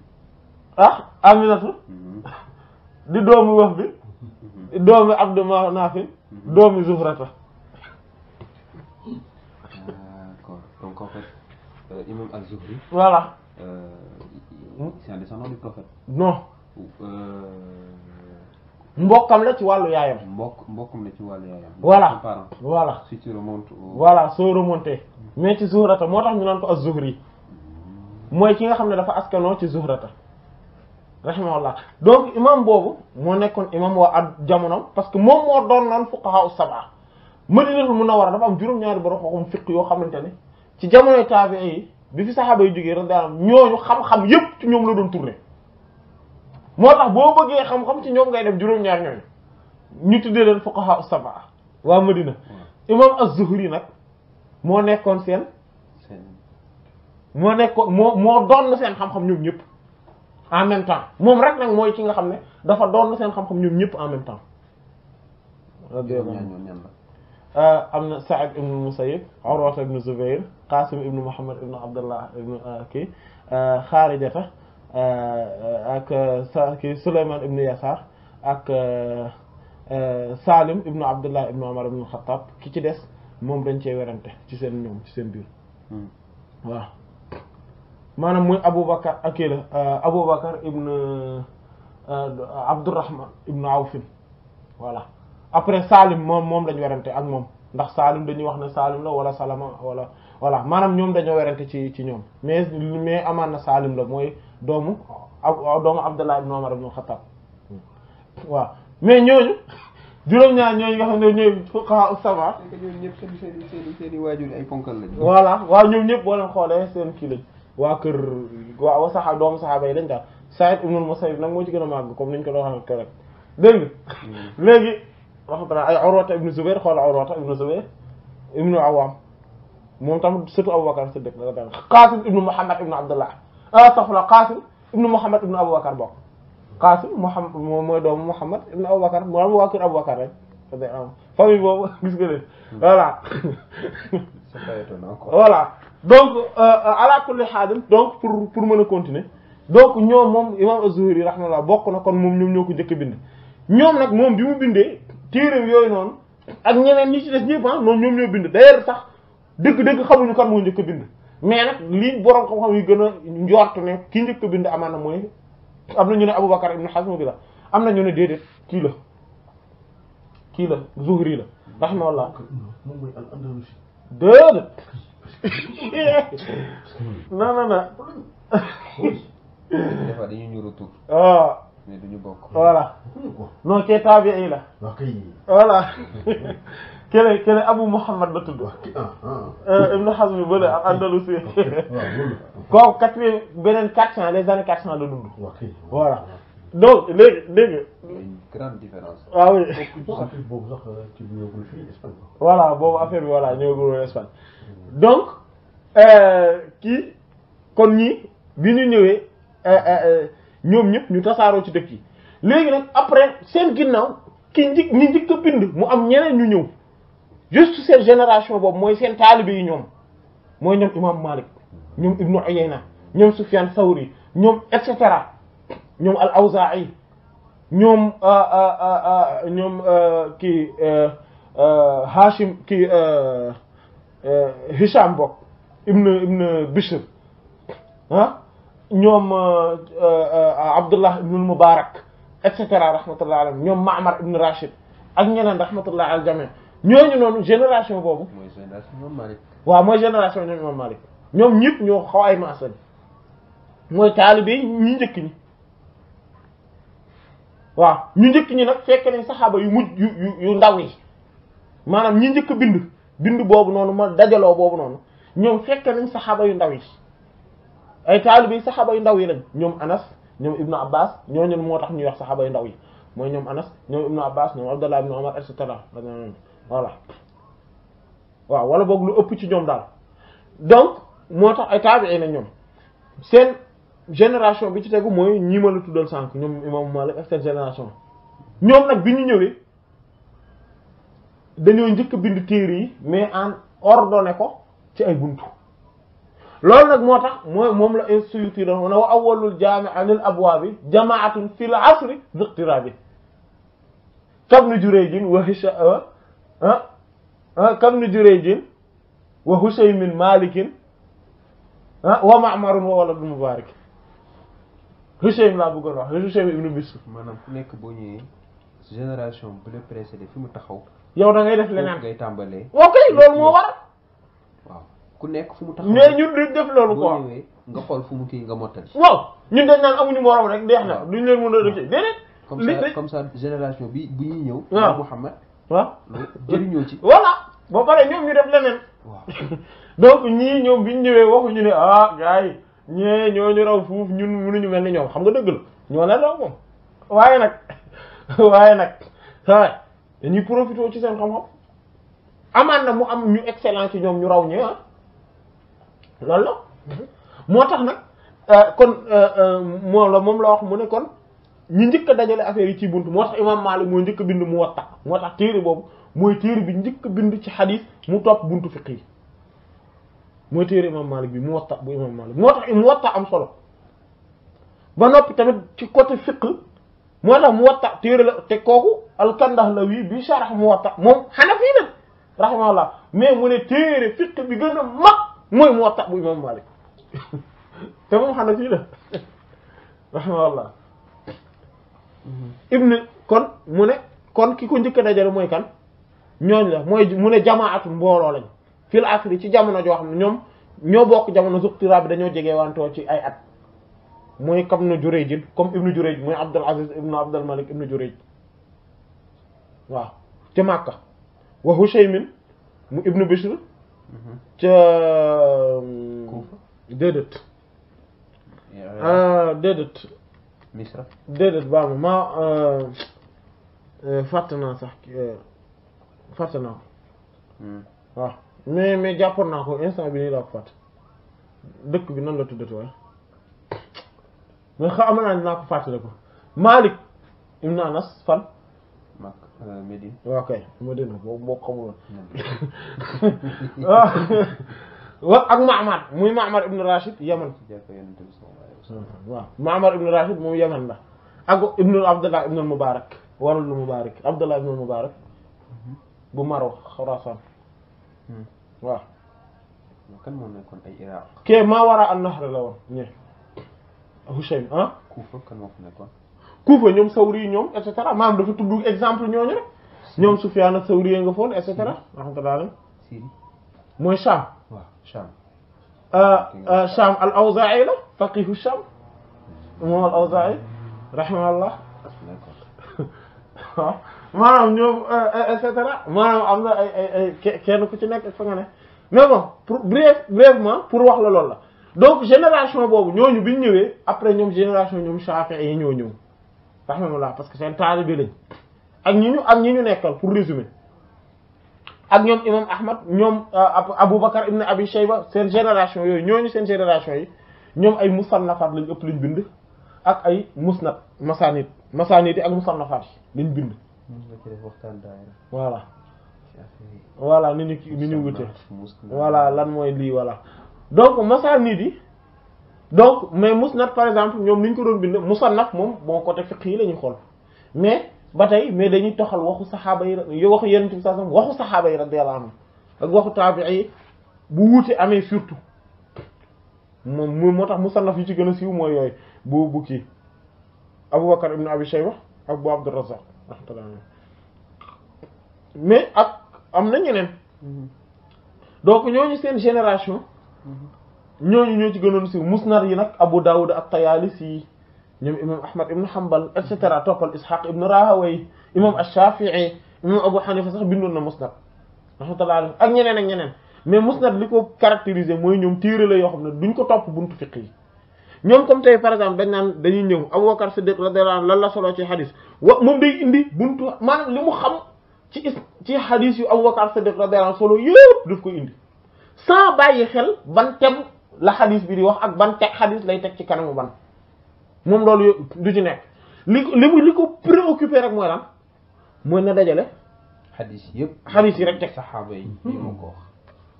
ah Aminatu mm-hmm. di doomu wax bi mm-hmm. di doomu Abdu Manafin doomu Zuhrata d'accord donc en fait euh, imam al-Zuhri voilà euh, c'est un descendant du prophète non euh, mbokam la ci walu yaayam mbokk mbokkam la ci walu yaayam voilà voilà si tu remontes voilà soo remonter mais ci zuhrata moo tax ñu naan ko az-zuhri mooy ki nga xam ne dafa askanoo ci zuhrata rahimahullah donc imam boobu moo nekkoon imam waa at jamonom parce que moom moo doon noon fuqaha as-sab'a Madinatul Munawwara dafa am juróom-ñaari borom xam-xam yoo xamante ne ci jamonoy taabi'i yi bi fi saxaaba yi jógee radiyallahu anhum ñooñu xam-xam yépp ci ñoom la doon tourné moo boo bëggee xam ci ñoom ngay def juróom-ñaar ñu tuddee leen fuqaha as-sab'a waa Madina hmm. imam az-Zuhri nag moo nekkoon seen moo nekkoon moo moo doon seen xam-xam ñoom ñëpp en même temps moom rek nag mooy ci nga xam ne dafa doon seen xam-xam ñoom ñëpp en même temps euh, am na Sa'id ibn Musayyib Urwa ibn Zubayr Qasim ibn Muhammad ibn Abdullah ibn euh, kii euh, Xaarijata ak sa kii Sulaymaan ibn Yasaar ak Salim ibn Abdullah ibn Umar ibn Khattab ki ci des moom dañ cee werante ci seen ñoom ci seen biir hmm. waaw maanaam muy Aboubacar ak kii la euh, Aboubacar ibn euh, Abdourahman ibn Awfin voilà après Salim moom moom lañ werante ak moom ndax Salim dañuy wax ne Salim la wala Salama wala voilà maanaam ñoom dañoo werante ci ci ñoom mais mais amaan na Salim la mooy doomu doomu Abdallah ibn Omar ibn Khattab hmm. waaw mais ñooñu juróom ñaan ñooñu nga xam ne ñooy fuqaha as-sab'a. ñoom ñëpp seen waaw ñoom ñëpp boo leen xoolee seen kii lañ waa kër waa saxa doomu saxaaba yi lañ daal Sa'id ibn Musayyib nag moo ci gën a màgg comme niñ ko doon waxee keroog léegi wax dëgg ay Urwata ibn Zubair xool Urwata ibn Zubair ibn Awwam moom tamit surtout Abu Bakr Siddiq la daan Muhammad ibn Abdullah ah sax la Qasim Muhammad ibn Abu bokk. Qaasim Muhammad moom mooy doomu Muhammad ibn Abubakar moo am waa kër Abubakar rek famille boobu gis nga leen hmm. voilà voilà donc euh, euh, ala kulli donc pour pour mën a continuer donc ñoom moom imam az na rahimahullah bokk na kon moom ñoom ñoo ko njëkk a bind ñoom nag moom bi mu bindee téereem yooyu noonu ak ñeneen ñi ci des ñëpp ah noonu ñoom ñoo bind d'ailleurs sax dëgg-dëgg xamuñu kan moo njëkk a bind mais nag lii borom xam yi gën a njort ne ki njëkk a bind amaana mooy am na ñu ne Aboubacar ibn Hazm bi am na ñu ne déedéet kii la kii la Zuhri la rahimahullah déedéet non non non des fois dañuy ñuru tur ah la voilà kene kene Abu Muhammad la tudd. Ah, ah. Euh, Ibn Hazm bële ah, Andalusi kooku quatrième beneen quatre cent les années quatre cent la dund. voilà donc léegi léegi. grande différence. ah oui. Euh, voilà boobu affaire voilà ñëwagul en Espagne hmm. donc euh kii kon ñii bi ñu euh, euh ñom ñëpp ñu tassaro ci dëkk yi léegi nak après seen ginnaw ki njëkk ñi njëkk bind mu am ñeneen ñu ñëw. juste cette génération bob moy sen talibi ñom moy ñom imam Malik ñom Ibnu Uyayna ñom Sufyan Thawri ñom et cetera ñom al Awzaa'i ñom ñoom kii Hashim kii Hisham bokk ibnu ibnu Bishr ah ñoom Abdullah ibn Mubarak et cetera rahmatullah alayhi ñom Ma'mar ibn Rashid ak ñeneen rahmatullah al jami' ñooñu noonu génération boobu. mooy génération ñoom Malick. waaw mooy ñoom Malick ñëpp ñoo xaw ay maasal mooy taalibe yi ñu njëkk ñi waaw ñu njëkk ñi nag fekk nañ saxaaba yu mujj yu yu ndaw maanaam ñi njëkk bind bind boobu noonu ma dajaloo boobu noonu ñoom fekk nañ saxaaba yu ndaw yi ay taalibe yi saxaaba yu ndaw yi lañ ñoom Anas ñoom Ibnu Abbas ñooñu moo tax ñuy wax saxaaba yu ndaw yi mooy ñoom Anas ñoom Ibnu Abbas ñoom Abdallah ibnu Umar voilà waaw wala boog lu ëpp ci ñoom daal donc moo tax ay taabi'i na ñoom seen génération bi ci tegu mooy ñi ma la tuddal sànq ñoom imam Malik nag bi ñu ñëwee dañoo njëkk bind téere yi mais en ordonné ko ci ay bunt loolu nag moo tax mooy moom la Suyuti doon ne wa awwalul jaami' anil abwaabi jamaatun fil asri ziqtiraabi kabnu Jurayj wa Hishaam Ah, ah, kam ni Jurayjin wa Hushaymin Malikin ah, wa Ma'marun wa walad Mubarak Hushaym laa bëggoon wax Hushaym ibnu Bisr maanaam ku nekk boo ñëwee génération bu mu taxaw yow da ngay def leneen ngay kay loolu moo war waaw ku nekk fu mu taxaw mais ñun duñ def loolu ko nga xool fu mu kii nga mottali waaw ñun dañ naan amuñu morom rek deex na duñ leen mën a def déedéet comme ça comme ça génération bi bu ñu ñëw Muhammad waaw jëriñoo ba pare ñoom ñu def leneen donc ñii ñoom biñ ñëwee ñu ne ah gars yi ñee ñoo ñu raw fuuf ñun mënuñu mel ni ñoom xam nga dëgg la ñoo leen moom waaye nag waaye nag waaye dañuy profité ci seen xam-xam amaan na mu am ñu excellence ci ñoom ñu raw ñi ah loolu mm-hmm. moo tax nag euh, kon euh, euh, moom la moom la wax mu ne kon ñu njëkk a dajale affaire yi ci bunt moo tax imam Maalik mooy njëkk a bind mu watta moo tax téere boobu mooy téere bi njëkk a bind ci xadis mu topp buntu fiqh yi mooy téere imam Maalik bi mu watta bu imam Maalik moo tax am solo ba noppi tamit ci côté fiqh moo tax téere la te kooku al-Kandahlawi bi sharh mu watta moom Hanafi la rahimahullah mais mu ne téere bi gën a mag mooy mu watta bu imam Maalik te moom Hanafi la rahimahullah ibn kon mu ne kon ki ko njëkk a dajale mooy kan ñooñ la mooy mu ne at mbooloo lañ fil asri ci jamono joo xam ne ñoom ñoo bokk jamono zuqtira bi dañoo jege wantoo ci ay at mooy kam na Jurayj comme ibnu Jurayj mooy Abdul Aziz ibnu Abdul Malik ibnu Jurayj waaw ca Makka wa Hushaymin mu ibnu Bishr ca déedéet ah, déedéet misra déedéet baax ma maa euh, euh, fàtte naa sax euh, fàtte naa ko hmm. waaw mais mais jàppoon naa ko instant bi nii laa ko fàtte dëkk bi nan la tuddati waaye mais xam naa ko fàttali ko Malik ibn Anas fan Makka Médine waaw kay Médine boobu moo xamuloon hmm. ah. ak Ma'mar muy Ma'mar ibn Rashid Yaman waaw Ma'mar ibn Rashid moom Yaman la ak ibn Abdullah ibn Mubarak warul Mubarak Abdullah ibn Mubarak bu Maro Xuraasaan waaw kan moo nekkoon ay Iraq ke maa wara an-Nahr la woon ñi Hushaym ah Kufa kan moo fa nekkoon Kufa ñoom Sawri ñoom et cetera maanaam dafa tudd exemple ñooñu rek ñoom Sufyaan ak Sawri nga foon et hmm. mooy Sham شام آه آه شام الأوزاعي له فقيه الشام مو الأوزاعي رحمه الله ما نعم نيو آه، آه، آه، ما نعم عمدا اي اي اي كينو كنت نيك فغاني مي بون بريف بريف ما بور واخ لا لول لا دونك جينيراسيون بوبو ньо ญ و بي نيوي ابري ньоم جينيراسيون ньоم شافعي ньо ญ و رحمه الله باسكو سين طالبي لي اك ني ني ام ني ني نيكال بور ريزومي ak ñoom imam ahmad ñoom aboubacar ibn abi shayba seen génération yooyu ñooñu seen génération yi ñoom ay musannafaat lañ ëpp lañ bind ak ay musnad masanid masanid yi ak musannafaat yi lañ bind voilà voilà ni ñu ni ñu wute voilà lan mooy lii voilà donc masanid yi donc mais musnad par exemple ñoom ni ñu ko doon bind musannaf moom bon côté fiqh yi la ñu xool mais ba tey mais dañuy toxal waxu saxaaba yi waxu yenent bi sallallahu alayhi wasallam waxu saxaaba yi radiyallahu anhu ak waxu taabii yi bu wuute amee surtout moom moo tax musannaf yi ci gën a siiw mooy yooyu bu bu kii Aboubacar ibn Abi Shayba ak bu Abdurrazzaq mais ak am na ñeneen donc ñooñu seen génération mhm. ñooñu ñooy ci gënoon siiw musnad yi nag Abu Dawud ak Tayalisi ñom imam ahmad ibn hanbal et cetera toppal ishaq ibn rahaway imam ash-shafi'i imam abu hanifa sax bindoon na musnad rahmatullahi alayhi ak ñeneen ak ñeneen mais musnad liko caractériser moy ñom téere la yo xam duñ ko top buntu fiqi ñom comme tay par exemple dañ nan dañuy ñëw abubakar siddiq radhiyallahu anhu la solo ci hadith wa moom day indi buntu man limu xam ci ci hadith yu abubakar siddiq radhiyallahu anhu solo yëpp duf ko indi sans bàyyi xel ban tem la hadith bi di wax ak ban tek hadith lay tek ci kanamu ban moom loolu du ci nekk li li li ko préoccupé rek mooy lan mooy na dajale. xadis yëpp xadis yi rek teg saxaaba yi. diwa hmm. ko wax.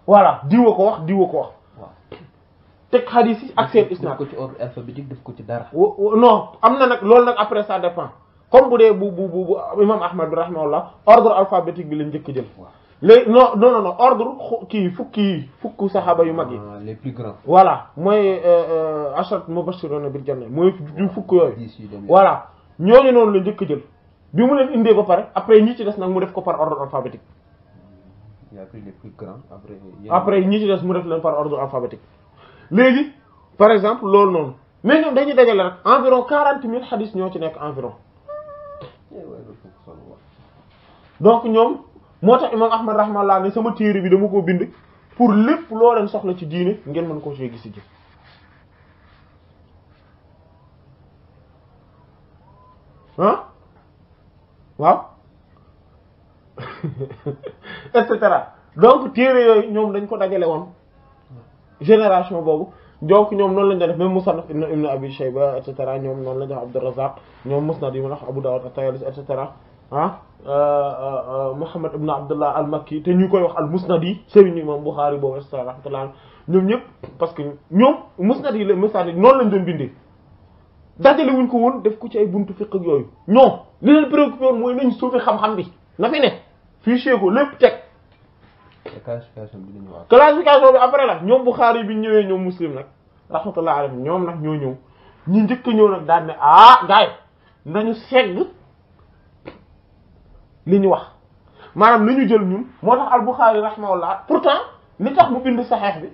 voilà diwa ko wax diwa ko wax. teg xadis yi ak seen islam ko ci ordre alphabétique def ko ci dara. non am na nag loolu nag après ça dépend comme bu dee bu bu bu bu imam Ahmad bi rahimahullah ordre alphabétique bi lañ njëkk jël. non non non ordre qui fukki fukku sahaba yu magi ah, les plus grands. voilà euh, euh asharat mubashiruna bil janna mooy fukku yooyu. voilà ñooñu nous la dit que jël bi mu leen nous ba après ñi ci dess nak mu def ko par ordre alphabétique. il les plus grands après. après ñi ci par ordre alphabétique. légui par exemple lool non mais dañuy rek environ quarante hadith ñoo ci environ. Eh donc ñom moo tax imam ahmad laa ne sama téere bi dama ko bind pour lépp loo soxla ci diine ngeen mën ko see gisi ji ah waaw et cetera donc téere yooyu ñoom dañ ko dajale woon génération boobu donc ñoom noonu lañ doon def même Musannaf ibn Abi Shayba et cetera ñoom noonu lañ def Abdurrazzaq ñoom Musnad yi ma wax Abu Dawud at-Tayalisi et cetera ah euh, euh, euh, Muhammad ibn Abdullah al-Makki te ñu koy wax al-Musnad yi sëriñ imam Bukhari boobu et rahmatullah ñoom ñëpp parce que ñoom Musnad yi la message yi noonu lañ doon bindee dajale wuñ ko woon def ko ci ay buntu fiqh ak yooyu ñoom li leen préoccupé woon mooy nañ suufi xam-xam bi na fi ne fichier ko lépp teg. classification bi dañu wax. classification bi après la ñoom Bukhari bi ñëwee ñoom Muslim nag rahmatullah alayhi ñoom nag ñoo ñëw ñu njëkk a ñëw nag daan ne ah gars yi nañu segg. li wax manam liñu jël ñun motax al-Bukhari rahimahullah pourtant li tax mu bind sahih bi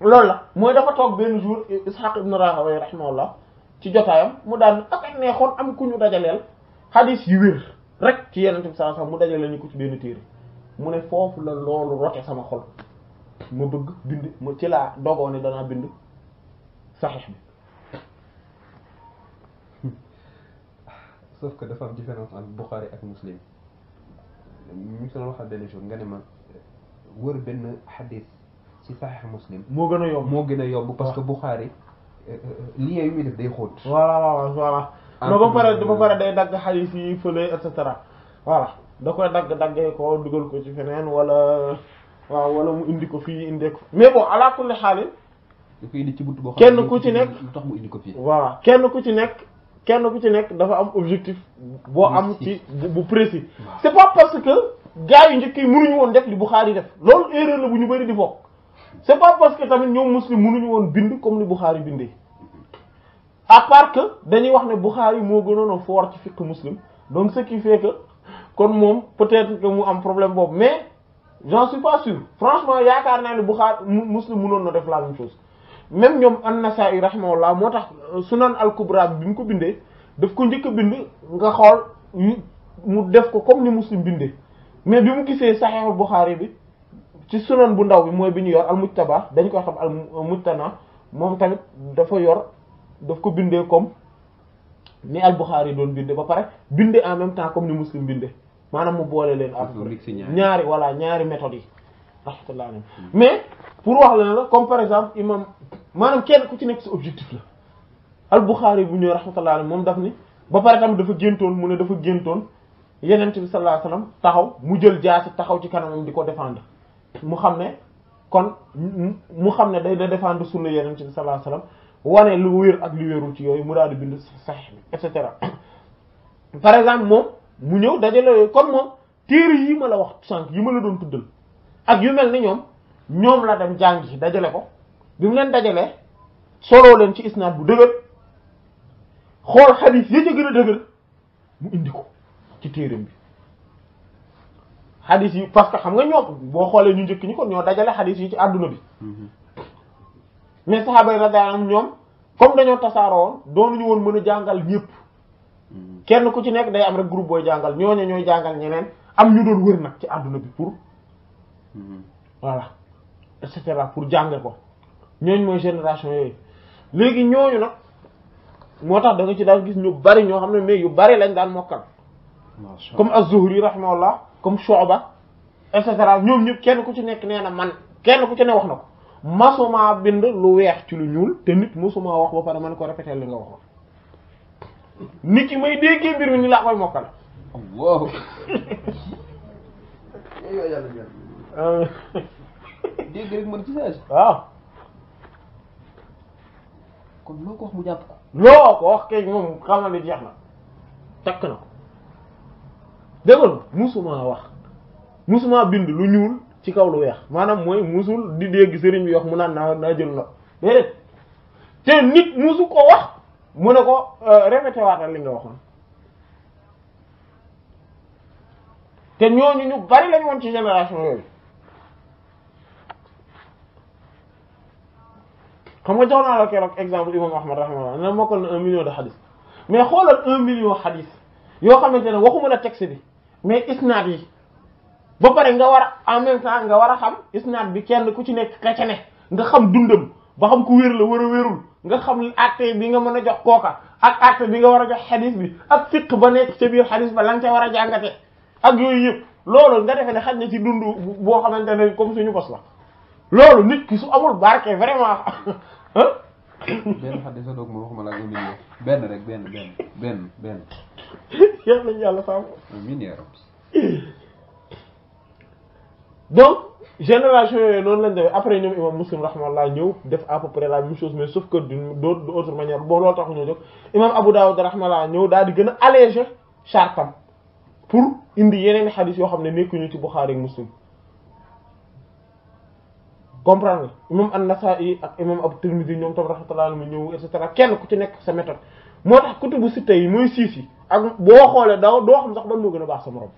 lool la moy dafa tok ben jour Ishaq ibn Rahawayh rahimahullah ci jotayam mu daan ak ak neexon am ku ñu dajaleel hadith yi wér rek ci yenenbi sallallahu alayhi wasallam mu dajaleel ñu ko ci benn téere mu ne fofu la loolu rote sama xol ma bëgg bind ci laa dogoone danaa bind saxeex sauf que dafa am différence entre Bukhari ak Muslim ñu sama waxa waxal benn jour nga ne ma wër benn xadis ci saxiix Muslim. moo gën a yomb moo gën a yomb parce que Bukhari li yu muy def day xóot. voilà voilà voilà. non ba pare ba pare day dagg xadis yi fële et cetera voilà da koy dagg daggee ko dugal ko ci feneen wala waaw wala mu indi ko fii indee ko mais bon ala kulli xaalis. da koy indi ci buntu boo xam ne kenn ku ci nekk. lu tax mu indi ko fii. voilà kenn ku ci nekk. kenn ku ci nekk dafa am objectif boo am ci bu précis c'est pas parce que gars yu njëkk yi mënuñu woon def li Bukhari def loolu erreur la bu ñu bëri di bokk c'est pas parce que tamit ñoom muslim mënuñu woon bind comme li Bukhari bindee à part que dañuy wax ne Bukhari moo gënoon a fort ci fiqh muslim donc ce qui fait que kon moom peut-être que mu am problème boobu mais j'en suis pas sûr franchement yaakaar naa ne Bukhari muslim mënoon na def la même chose même ñoom an-Nasa'i rahimahullah moo tax sunan al-kubra bi mu ko bindee daf ko njëkk bind nga xool mu def ko comme ni muslim bindee mais bi mu gisee sahihul Bukhari bi ci sunan bu ndaw bi mooy bi ñu yor al tabax dañ koy xam al-mujtana moom tamit dafa yor daf ko bindee comme ni al-Bukhari doon bindee ba pare bindee en même temps comme ni muslim bindee maanaam mu boole leen. ak ñaari voilà ñaari méthodes yi. rahmatullah hmm. mais pour wax la ne manam kenn ku ci nek ci objectif la al-Bukhari bu ñëwee rahmatullah alayhi mom daf ni ba pare tam dafa gentone mu ne dafa gentone yenenbi sallallahu alayhi wasallam taxaw mu jël jaasi taxaw ci kanamam di défendre mu xam kon mu xamne day da défendre sunna yenent bi sallallahu alayhi wasallam wane lu wér ak lu wérul ci yooyu mu daal bind sahih et cetera par exemple mom mu ñëw dajale yooyu comme mom téré yi ma la wax sank yi ma la doon tuddal ak yu mel ni ñom ñoom la dem jàngi dajale ko bi mu leen dajale soloo leen ci isnaad bu dëgër xool xadiis yi ci gën dëgër mu indi ko ci téeram bi xadiis yi parce que xam nga ñoo boo xoolee ñu njëkk ñi kon ñoo dajale xadiis yi ci àdduna bi mm-hmm. mais saxaaba yi radiyallahu anhum ñoom comme dañoo tasaaroo woon doonuñu woon mën a jàngal ñépp mm-hmm. kenn ku ci nekk day am rek groupe booy jàngal ñooñu ñooy jàngal ñeneen am ñu doon wër nag ci àdduna bi pour mm-hmm. voilà et pour jànge ko ñooñ mooy génération yooyu léegi ñooñu nag moo tax da nga ci daal gis ñu bari ñoo xam ne mais yu bari lañ daan mokkal comme az-Zuhri la comme Shu'ba et cetera ñoom ñëpp kenn ku ci nekk nee na man kenn ku ci ne wax na ko masuma bind lu weex ci lu ñuul te nit masuma wax ba pare man ko répéter li nga waxoon ki may déggee mbir mi ni laa koy mokkal euh. waaw kon loo ko wax mu moom xam na ne jeex na takk na ko déggoon musuma wax musuma bind lu ñuul ci kaw lu weex maanaam mooy musul di dégg sëriñ bi wax mu naan naa naa jël na déedéet te nit musu ko wax mu ne ko euh, répété waatal li nga waxoon te ñooñu ñu bari lañ woon ci génération yooyu. xam nga jox naa la keroog exemple imam ahmad rahimahullah na mokkal na un million de hadith mais xolal 1 million hadith yo xamantene waxuma la texte bi mais isnad yi ba pare nga wara en même temps nga wara xam isnad bi kenn ku ci nek ka ne nga xam dundum ba xam ku wér la war wérul nga xam acte bi nga mëna jox koka ak acte bi nga wara jox hadith bi ak fiq ba nek ci biir hadith ba lang nga ca war jàngate ak yoy yëpp lolu nga defé ne xaj na ci dund bo xamantene comme suñu boss la loolu nit ki su amul barke vraiment ah. benn xaddi sa doog ma waxuma laa gën a benn benn benn benn benn. yal nañu yàlla sàmm. amiin donc génération yooyu noonu lañ defee après ñoom imam muslim laa ñëw def à peu près la même chose mais sauf que d'une autre manière boo loolu tax ñu jóg imam Abu Dawud rahmallah ñëw daal di gën a alléger chartam pour indi yeneen xadis yoo xam ne nekkuñu ci Bukhari ak Muslim. comprendre imam an-Nasa'i ak imam at-Tirmidhi ñoom tam rahmatullah alayhi ñëw et cetera kenn ku ci nekk sa méthode moo tax kutubu sitta yi mooy siis yi ak boo xoolee daw doo xam sax ban moo gën a baax sa morom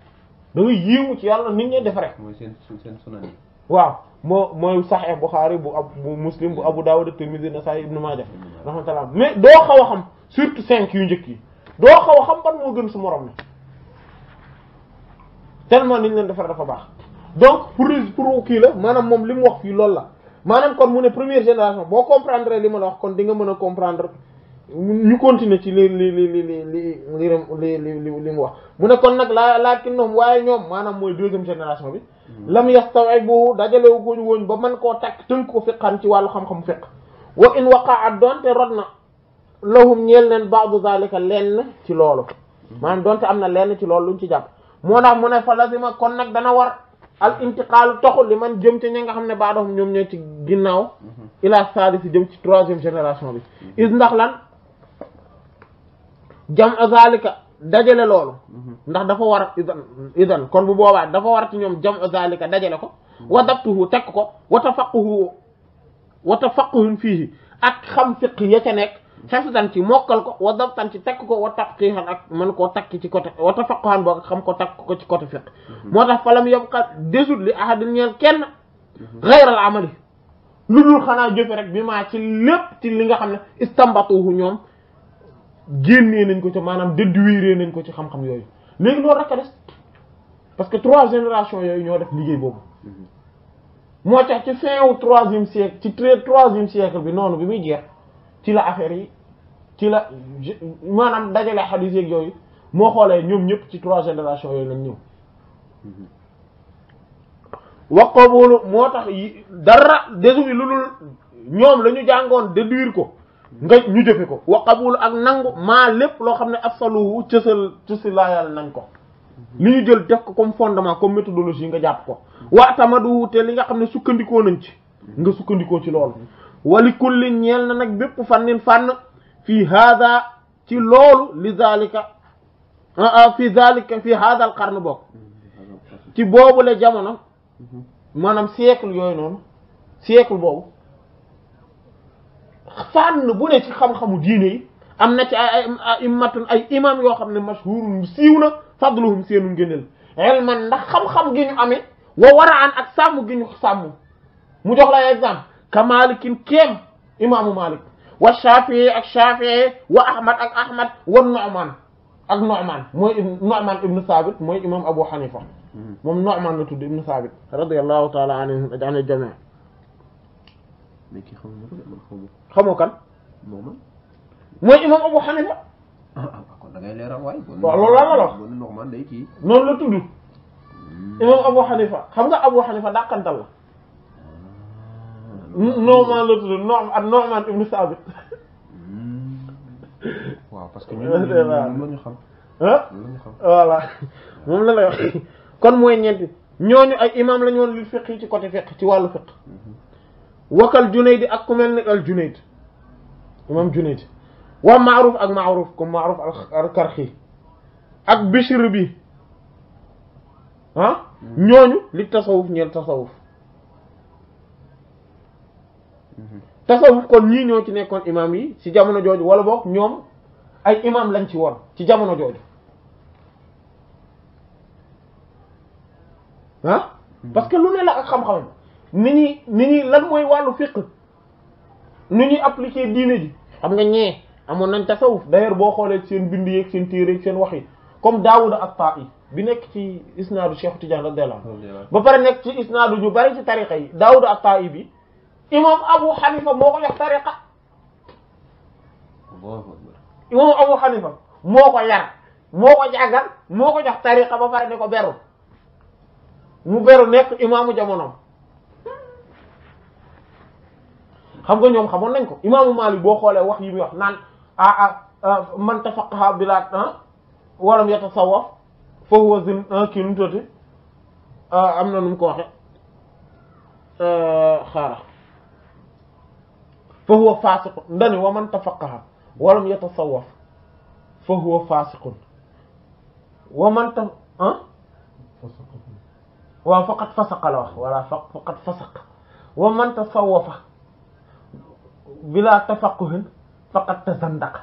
da ngay yéemu ci yàlla nit ñi def rek. mooy seen seen sunan waaw moo mooy Sahih Bukhari bu ab bu Muslim bu Abu Dawud at-Tirmidhi an-Nasa'i Ibn Majah rahmatullah mais doo xaw a xam surtout cinq yu njëkk yi doo xaw a xam ban moo gën su moroom ne tellement niñ leen defar dafa baax. donc pour pour kii la maanaam moom li mu wax fii loolu la maanaam kon mu ne première génération boo comprendre li ma la wax kon di nga mën a comprendre ñu continuer ci li li li li li li mu wax mu ne kon nag laa laakinnahum waaye ñoom maanaam mooy deuxième génération bi lam yastawibu dajalewu góoñu wooñu ba man koo takk tënk ko fiqan ci wàll xam-xam fiq wa in at donte rod na lahum ñeel leen ba'du zalika lenn ci loolu maanaam donte am na lenn ci loolu luñ ci jàpp al intiqal toxu li man jëm ci ñi nga xam ne baadoxum ñoom ñoo ci ginnaw ila saadi si jëm ci 3e génération bi is ndax lan jam azalika dajale loolu ndax dafa war idan kon bu boba dafa war ci ñom jam azalika dajale ko wa dabtuhu tek ko wa tafaqquhu wa tafaquhun fihi ak xam fiq ya ca nek xefsan ci mokkal ko wa dabtan ci takk ko wa tafqihan ak mën koo takk ci côté wa tafaqquhan boo xam ko takk ko ci côté fiqh mhm. moo tax falam yabqa desut li ahadin ñeel kenn xayral mhm. amali lu dul xanaa jëfe rek bi maa ci lépp ci li nga xam ne istambatuhu ñoom génnee nañ ko ci maanaam déduire nañ ko ci xam-xam yooyu léegi loolu rek a parce que trois génération yooyu ñoo def liggéey boobu mhm. moo ca ci fin wu troisième siècle ci troisième siècle bi noonu bi muy jeex ci la affaire yi ci la maanaam dajale xadiis yeeg yooyu moo xoolee ñoom ñëpp ci trois générations yooyu lañ ñëw mm-hmm. wax ko moo tax dara désu bi lu ñoom la ñu jàngoon déduire ko nga ñu jëfe ko wa qabul ak nangu maa lépp loo xam ne absolu cësal cësi laayal nañ ko li ñu jël def ko comme fondement comme méthodologie nga jàpp ko waatamadu te li nga xam ne sukkandikoo nañ ci nga sukkandikoo ci loolu wali kulli ñeel na nag bépp fànnin fànn fi hada ci loolu li zalika fi zalika fi hada al qarn bokk ci boobu la jamono maanaam siècle yooyu noonu siècle boobu fànn bu ne ci xam-xamu diine yi am na ci ay ay immatun ay imam yoo xam ne mashhurun siiw na fadluhum seenu ngëneel elman ndax xam-xam gi ñu amee wa waraan ak sàmm gi ñu sàmm mu jox la exemple ka malikin keem imaamu malik والشافعي الشافعي واحمد الاحمد والنعمان النعمان موي نعمان ابن ثابت موي امام ابو حنيفه موم نعمان لتود ابن ثابت رضي الله تعالى عنهم عن الجميع ميكي خمو مرو خمو كان موم موي امام ابو حنيفه اكو دا غاي ليرال واي لا لا لا نعمان داي كي نون لا تود امام ابو حنيفه Norman la tudd Norm ak Norman ibn Sabit. waaw parce que ñun ñun ñu xam. ah voilà moom la lay wax kon mooy ñeenti ñooñu ay imam la ñu woon li fiqh ci côté fiqh ci wàllu fiqh. wakal Junayd ak ku mel ne al Junayd imam Junayd waa Maaruf ak Maaruf comme Maaruf al-Karxi ak Bishr bi ah. ñooñu li tasawuf ñeel tasawuf. tasawuf kon lii ñoo ci nekkoon imam yi ci jamono jooju wala boog ñoom ay imam lañ ci woon ci jamono jooju ah parce que lu ne la ak xam-xamam ni ñuy ni ñuy lan mooy wàllu fiqh ni ñuy appliquer diine ji xam nga ñee amoon nañ tasawuf d'ailleurs boo xoolee seen bind yeeg seen téere yeeg seen wax yi comme Daawuda at-Ta'i bi nekk ci isnaadu Cheikh Tidiane radiyallahu ba pare nekk ci isnaadu ñu bari ci tariqa yi Daawuda at-Ta'i bi imam Abu Hanifa moo ko jox tariqa imam Abu moo ko yar moo ko jàngal moo ko jox tariqa ba pare ne ko beru mu beru nekk imaamu jamono xam nga ñoom xamoon nañ ko imaamu Maalik boo xoolee wax yi muy wax naan ah ah, ah man tafaqqaha bilaa ah, walam yatasawwaf fa huwa ah, kii nu mu am na nu mu ko فهو فاسق دني ومن تفقه ولم يتصوف فهو فاسق ومن ت... أه؟ وفقد فسق له ولا فقد فسق ومن تصوف بلا تفقه فقد تزندق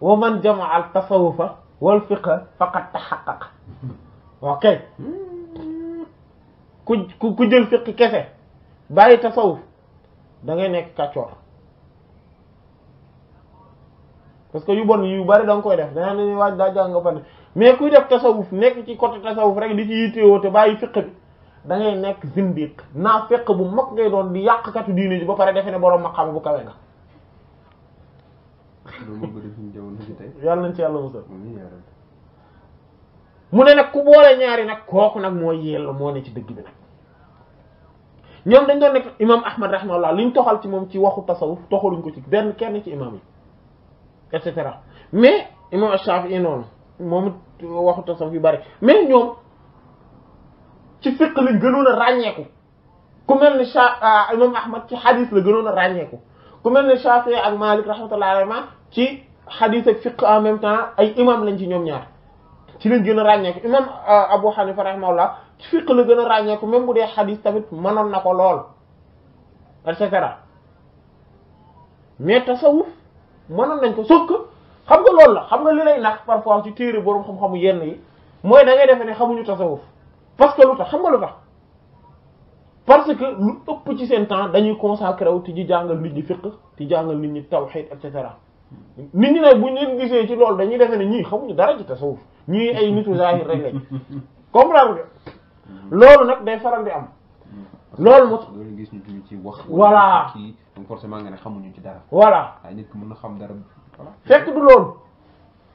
ومن جمع التصوف والفقه فقد تحقق اوكي كوجل فقه jël باي تصوف bàyyi نيك كاتور parce que yu bon yu bari da nga koy def dana ne waaj daa jàng nga fan mais kuy def tasawuf nekk ci côté tasawuf rek di ci yittewoo te bàyyi fiq bi da ngay nekk zindiq naa fekk bu mag ngay doon di yàqkatu diine ji ba pare defe ne borom ma xam bu kawe nga. yàlla nañ ci yàlla musal. mu ne nag ku boole ñaari nag kooku nag moo yell moo ne ci dëgg bi nag. ñoom dañ doon nekk imam Ahmad rahimahullah liñ toxal ci moom ci waxu tasawuf toxaluñ ko ci benn kenn ci imam yi. et cetera mais a Shaafi'i noonu moom it waxu tasawuf yu bari mais ñoom ci fiqh la gënoon a ràññeeku ku mel ni Sha imam Ahmad ci hadith la gënoon a ràññeeku ku mel ni Shaafi'i ak Malik rahmatullahi ma ci hadith ak fiqh en même temps ay imam lañ ci ñoom ñaar ci lañ gën a ràññeeku imam euh, Abu Hanifa rahimahullah ci fiqh la gën a ràññeeku même bu dee hadith tamit manoon na ko lool et cetera mais tasawuf mënoon nañ ko sokk xam nga loolu la xam nga li lay nax parfois ci téere borom xam-xamu yenn yi mooy da ngay defe ne xamuñu tasawuf parce que lu tax xam nga lu tax parce que lu ëpp ci seen temps dañuy consacré wu di jàngal nit ñi fiqh di jàngal nit ñi tawhid et cetera nit ñi nag bu ñu leen gisee ci loolu dañuy defe ne ñii xamuñu dara ci tasawuf ñii ay nitu zahir rek lañ comprendre loolu nag day faral di am. Hmm. loolu moo tax gis ñu ci wax. donc forcément nga ne ci dara. voilà waaye xam dara. fekk du loolu.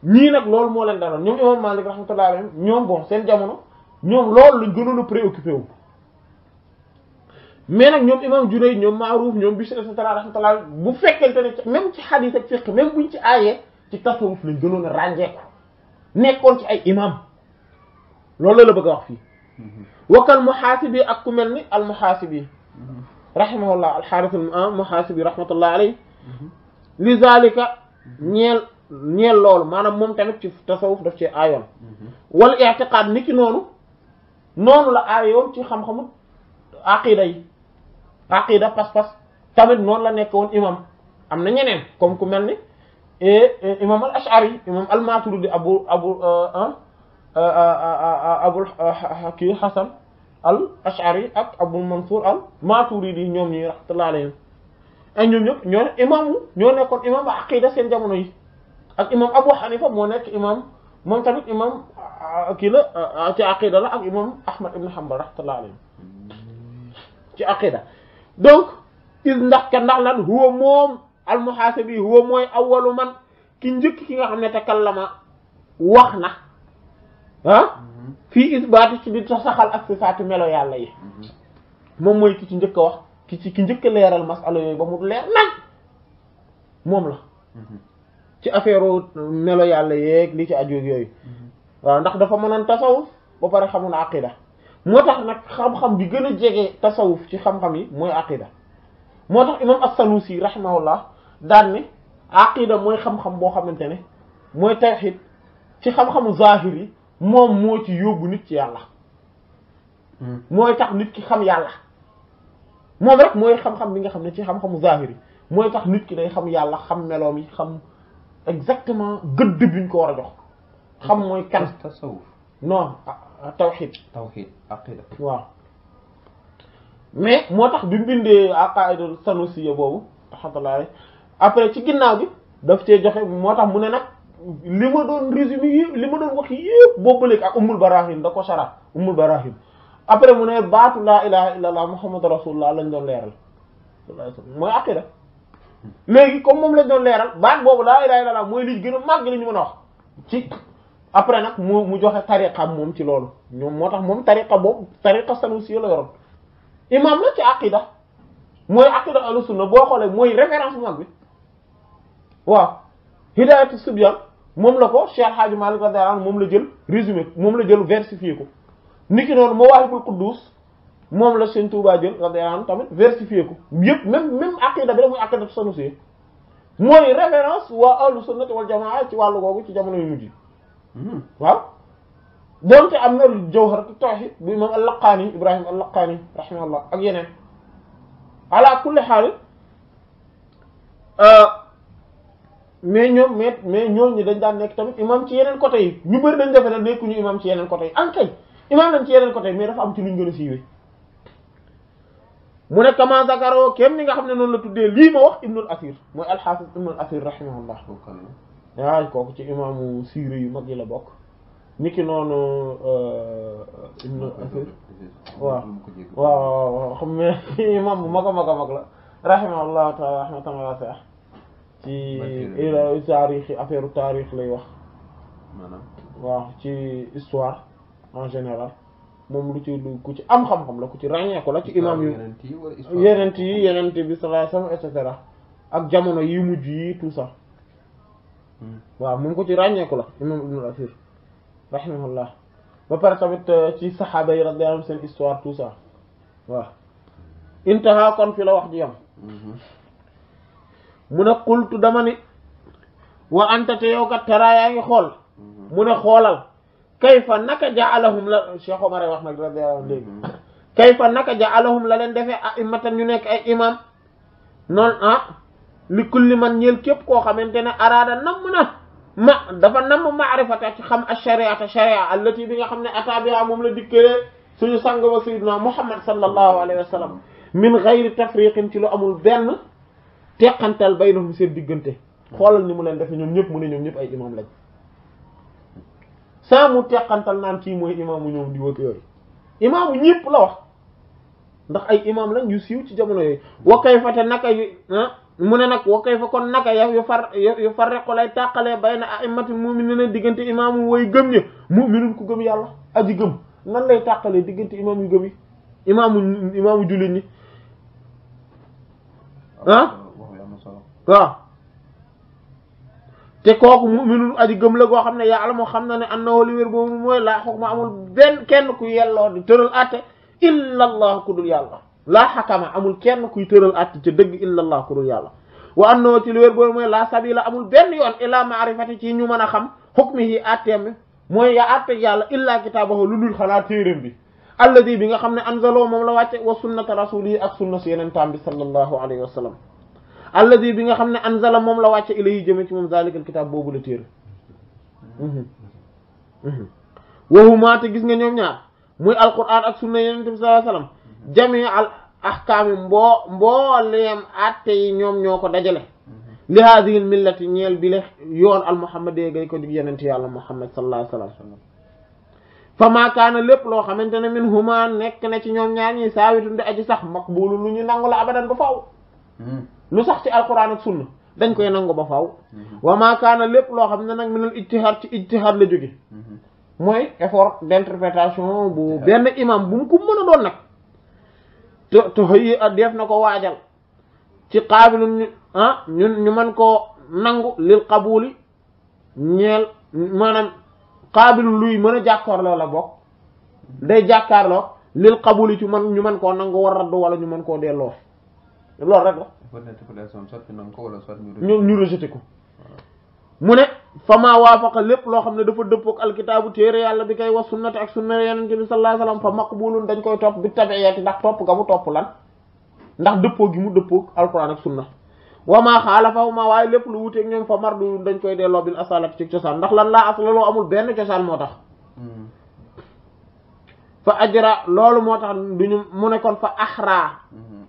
ñii nag lool moo leen daloon ñoom imam Malik rahmatullahi alayhi ñoom bon seen jamono ñoom loolu lañ gënoon a préoccupé nag ñoom imam Juray ñoom Maaruuf ñoom Bishr et cetera rahmatullah bu fekkente ne même ci xadiis ak fiqh même buñ ci aayee ci tasawuf lañ gënoon a ràññeeku nekkoon ci ay imam loolu la bëgg a wax fii. Mhm. wakkal muhaasibi ak ku mel ni al muhaasibi mhm. رحمه الله الحارث المحاسبي رحمه الله عليه لذلك نيل نيل لول مانام موم تامت في تصوف داف سي ايون والاعتقاد نيكي نونو نونو لا ايون سي خم خم عقيده عقيده باس باس تامت نون لا نيكون امام امنا نينن كوم كو ملني ا امام الاشعري امام الماتريدي ابو ابو ا ا ا ابو حكي حسن al ashari ak abu mansour al maturidi ñoom ñi ñoom ñëpp ñoo imaamu ñoo nekkoon imaam ba aqida seen jamono yi ak imaam abu hanifa moo nekk imaam ah, kii la ah, ci aqida la ak imaam ahmad ibn hanbal rahmatullahi alayhim ci aqida donc is ndax ka ndax lan huwa moom al muhasibi huwa mooy awwalu man ki njëkk ki nga xam ne takallama wax na ah mm-hmm. fii isbaatu ci di saxal ak sifaatu melo yàlla yi mm-hmm. moom mooy ki ci njëkk a wax ki ci ki njëkk a leeral masala yooyu ba mu leer nag moom la mm-hmm. ci affaire melo yàlla yeeg li ci ajoog yooyu waaw ndax dafa mën a tasawuf ba pare xamul aqida moo tax nag xam-xam bi gën a jege tasawuf ci xam-xam yi mooy aqida moo tax imam as-Sanusi rahimahullah daan ne aqida mooy xam-xam boo xamante ne mooy tawhid ci xam-xamu zahir yi moom moo ci yóbbu nit ci yàlla hmm. mooy tax nit ki xam yàlla moom rek mooy xam-xam bi nga xam ne ci xam-xamu zahiri mooy tax nit ki day xam yàlla xam meloom yi xam exactement gëdd bi ñu ko war a jox xam mooy kan tasawuf non ah, ah, tawxid taw aqida waaw mais moo tax bi mu bindee aqaida sanusiya boobu taxatalaale après ci ginnaaw bi daf cee joxe moo tax mu ne nag li ma doon résumé yëpp li ma doon wax yëpp boobu léegi ak ummul baraahin da ko sara ummul baraahin après mu ne baatu laa ilaha illallah muhammadu rasulullah lañ doon leeral mooy aqida léegi comme moom lañ doon leeral baat boobu laa ilaha illallah mooy li gën a màgg la ñu mën a wax ci après nag mu joxe tariqam moom ci loolu ñoom moo tax moom tariqa boobu tariqa sanusi la yoroon imam la ci aqida mooy aqida ahlu sunna boo xoolee mooy référence mag bi waaw hidayatu subyan mom la ko Cheikh Hadji malik radhiyallahu anhu mom la jël résumé mom la jël versifier ko niki non mo wahibul Quddûs mom la seigne touba jël radhiyallahu anhu tamit versifier ko yëpp même même aqida bi la muy aqida Sanusi moy référence wa ahlu sunnati wal jamaa ci walu gogu ci jamono yu mujj waaw donte am na Jawharatu Tawhid bi mom al laqani Ibrahim al laqani rahimahullah ak yenen ala kulli haal mais ñoom mais mais ñooñu dañ daan nekk tamit imam ci yeneen côté yi ñu bëri dañ defe ne nekkuñu imam ci yeneen côté yi en ah, kay imam lañ ci yeneen côté yi mais dafa am ci luñ gën a siiwee mu ne kama kenn ni nga xam ne noonu la tuddee lii ma wax ibnul asir mooy alxaafis ibnul asir rahimahullah waay kooku ci imaamu siire yu mag yi la bokk niki noonu euh, ibnul asir waaw waaw waaw xam ne imam bu mag a mag a mag la rahimahullah ci taarix affaire taarix lay wax waaw ci histoire en général moom lu ci lu ku ci am xam-xam la ku ci ràññeeku la ci imam yu yenent yi yenent bi sallallahu alayhi wasallam et ak jamono yi mujj yi tout hmm. waaw moom ku ci ràññeeku la imam ibnul asir rahimahullah ba pare tamit euh, ci saxaaba yi radiyallahu anhum seen histoire tout ça waaw kon fi la wax ji yam hmm. muna ne qultu dama ni wa anta te yow kat taraa yaa ngi xool muna ne xoolal kayfa naka ja'alahum la Cheikh Omar wax nak rabbi yaa léegi kayfa naka ja'alahum la len defé a imatan ñu nek ay imam non ah li kulli man ñeel kep ko xamantene arada nam na ma dafa nam ma'rifata ci xam ash-shari'ata sharia allati bi nga xamne atabi'a mom la dikkee suñu sangu ba sayyidina Muhammad sallallahu alayhi wa sallam min ghayri tafriqin ci lu amul benn teqantal baynahum seet diggante xoolal ni mu leen defe ñoom ñëpp mu ne ñoom ñëpp ay imam lañ mu teqantal naan kii mooy imaamu ñoom di wëkk yooyu imaamu ñëpp la wax ndax ay imaam lañ yu siiw ci jamono yooyu wa kayfa te naka yu ah, mu ne nag wa kayfa kon naka ya yu far yu farriqu lay tàqalee bayna a'immatul mu'minina diggante imaamu way gëm ñi mu'minun ku gëm yàlla aji gëm nan lay tàqalee diggante imaam yu gëm yi imaamu imaamu jullit ñi ah? waaw te kooku muminun aji gëm la goo xam ne yàlla moo xam na ne annahu li wér boobu mooy laa xukma amul benn kenn ku yelloo di tëral àtte illa allah ku dul yàlla laa xakama amul kenn kuy tëral àtte ci dëgg illa allah ku dul yàlla wa annahu ci li wér boobu mooy laa sabila amul benn yoon ila maarifati ci ñu mën a xam xukmi yi àtteem bi mooy yaa àtte yàlla illa kitaabahu lu dul xanaa téeréem bi alladi bi nga xam ne anzaloo moom la wàcce wa sunnata rasulihi ak alladi bi nga xam ne anzala moom la wàcce ilayhi jëme ci moom zalikal kitaab boobu la téere mhm. mhm. waxumaa te gis nga ñoom ñaar muy alquran ak sunna yonent bi sallallahu alayhi al ahkaam yi mboo mbooleem atte yi ñoom ñoo ko dajale mhm. li haadihi al millati ñeel bi le yoon al muhammad yéegay ko dig yonent yàlla muhammad sallallahu alayhi wasallam fa maakaana lépp loo xamante ne min huma nekk na ci ñoom ñaar ñi saawitu ndi aji sax maqbulu lu ñu nangu la abadan ba faw lu sax ci alquran ak sunna dañ koy nangu ba faaw. Mhm. wa maa kaana lépp loo xam ne nag minal ijtihaad ci ijtihaad la jóge mhm. mooy effort d'interprétation bu benn imam bu mu ko mën a doon nag te te xëy def na ko waajal ci qaabilun ah ñu man koo nangu lil qabuli ñeel maanaam qaabilun luy mën a jàkkaarloo la bokk day jàkkaarloo lil qabuli ci man ñu mën koo nangu war raddu wala ñu mën koo delloo loolu rek ñoom ñu rejeté ko mu ne fama waafaqa lépp loo xam ne dafa dëppoog alkitaabu téere yàlla bi kay wa sunnati ak sunna yonente bi sallallahu alayhi wasallam fa maqbulun dañ koy topp bi tabiyeeti ndax topp nga mu topp lan ndax dëppoo gi mu dëppoog alquran ak sunna wa maa xaalafahu ma waaye lépp lu wuteeg ñoom fa mardu dañ koy delloo bil asalat ci cosaan ndax lan laa amul benn cosaan moo tax hmm. fa ajra loolu moo tax duñu mu kon fa akhra hmm,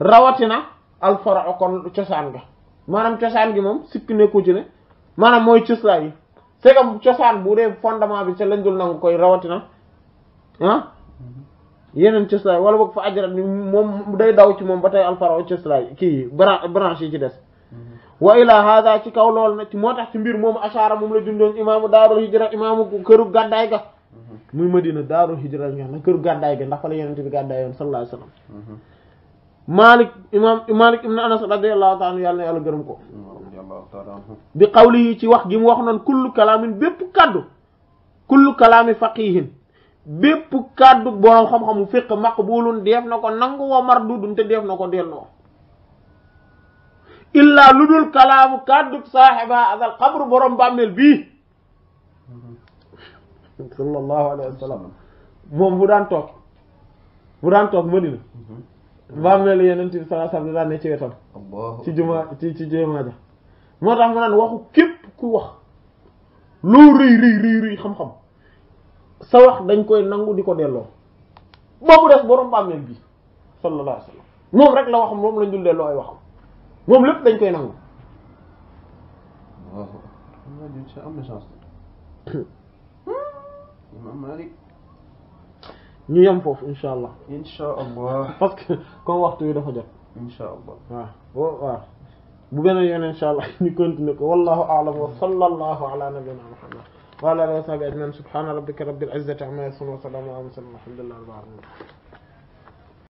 rawatina alfarau kon cosaan ga maanaam cosaan gi moom sikki nekku ci ne maanaam mooy cëslaa yi c'est comme cosaan bu dee fondement bi ca lañ dul nangu koy rawatina ah yeneen cëslaa yi wala boog fa ajrat ni moom day daw ci moom ba tey alfarau cëslaa yi kii branche yi ci des mm-hmm. wa ilaa hada ci kaw lool na ci moo tax ci mbir moomu ashaara moom la jundoon imaamu daarul hijra imaamu këru gàddaay ga mm-hmm. muy madina daarul hijra nga xam ne këru gàddaay ga ndax fa la yenente bi gàddaay yoon sallallahu Malik imaam Malik ibn Anas radiyallahu ta'ala yàlla na yàlla gërëm ko. bi xawli ci wax gi wax noonu kullu kalaamin bépp kàddu kullu kalaami faqihin bépp kàddu boroom xam-xamu fiq maqbulun def ko nangu wa mardudun te def ko delloo illaa lu dul kalaamu kàddu saaxiba azal xabru boroom bàmmeel bii sallallahu alayhi moom bu daan toog bu bàmmeelu Yonent bi sallallahu alayhi wa sallam daan ne ci wetam ci jumaa ci jumaa ja moo tax mu naan waxu képp ku wax loo rëy rëy rëy xam-xam sa wax dañ koy nangu di ko delloo boobu des boroom bàmmeel bi sallallahu alayhi wa sallam moom rek la waxam moom lañ dul delloo ay lépp dañ koy nangu ñu yam fofu incha allah. incha allah parce que ko waxtu wi dafa jot. incha allah wa boo bu beneen yone incha allah ñu continue ko wallahu a'lam wa sallallahu ala nabiyyina muhammad wa ala alihi wa sahbihi ajma'in subhana rabbika rabbil izzati amma yasifun wa salamun ala al mursalin walhamdulillahi rabbil alamin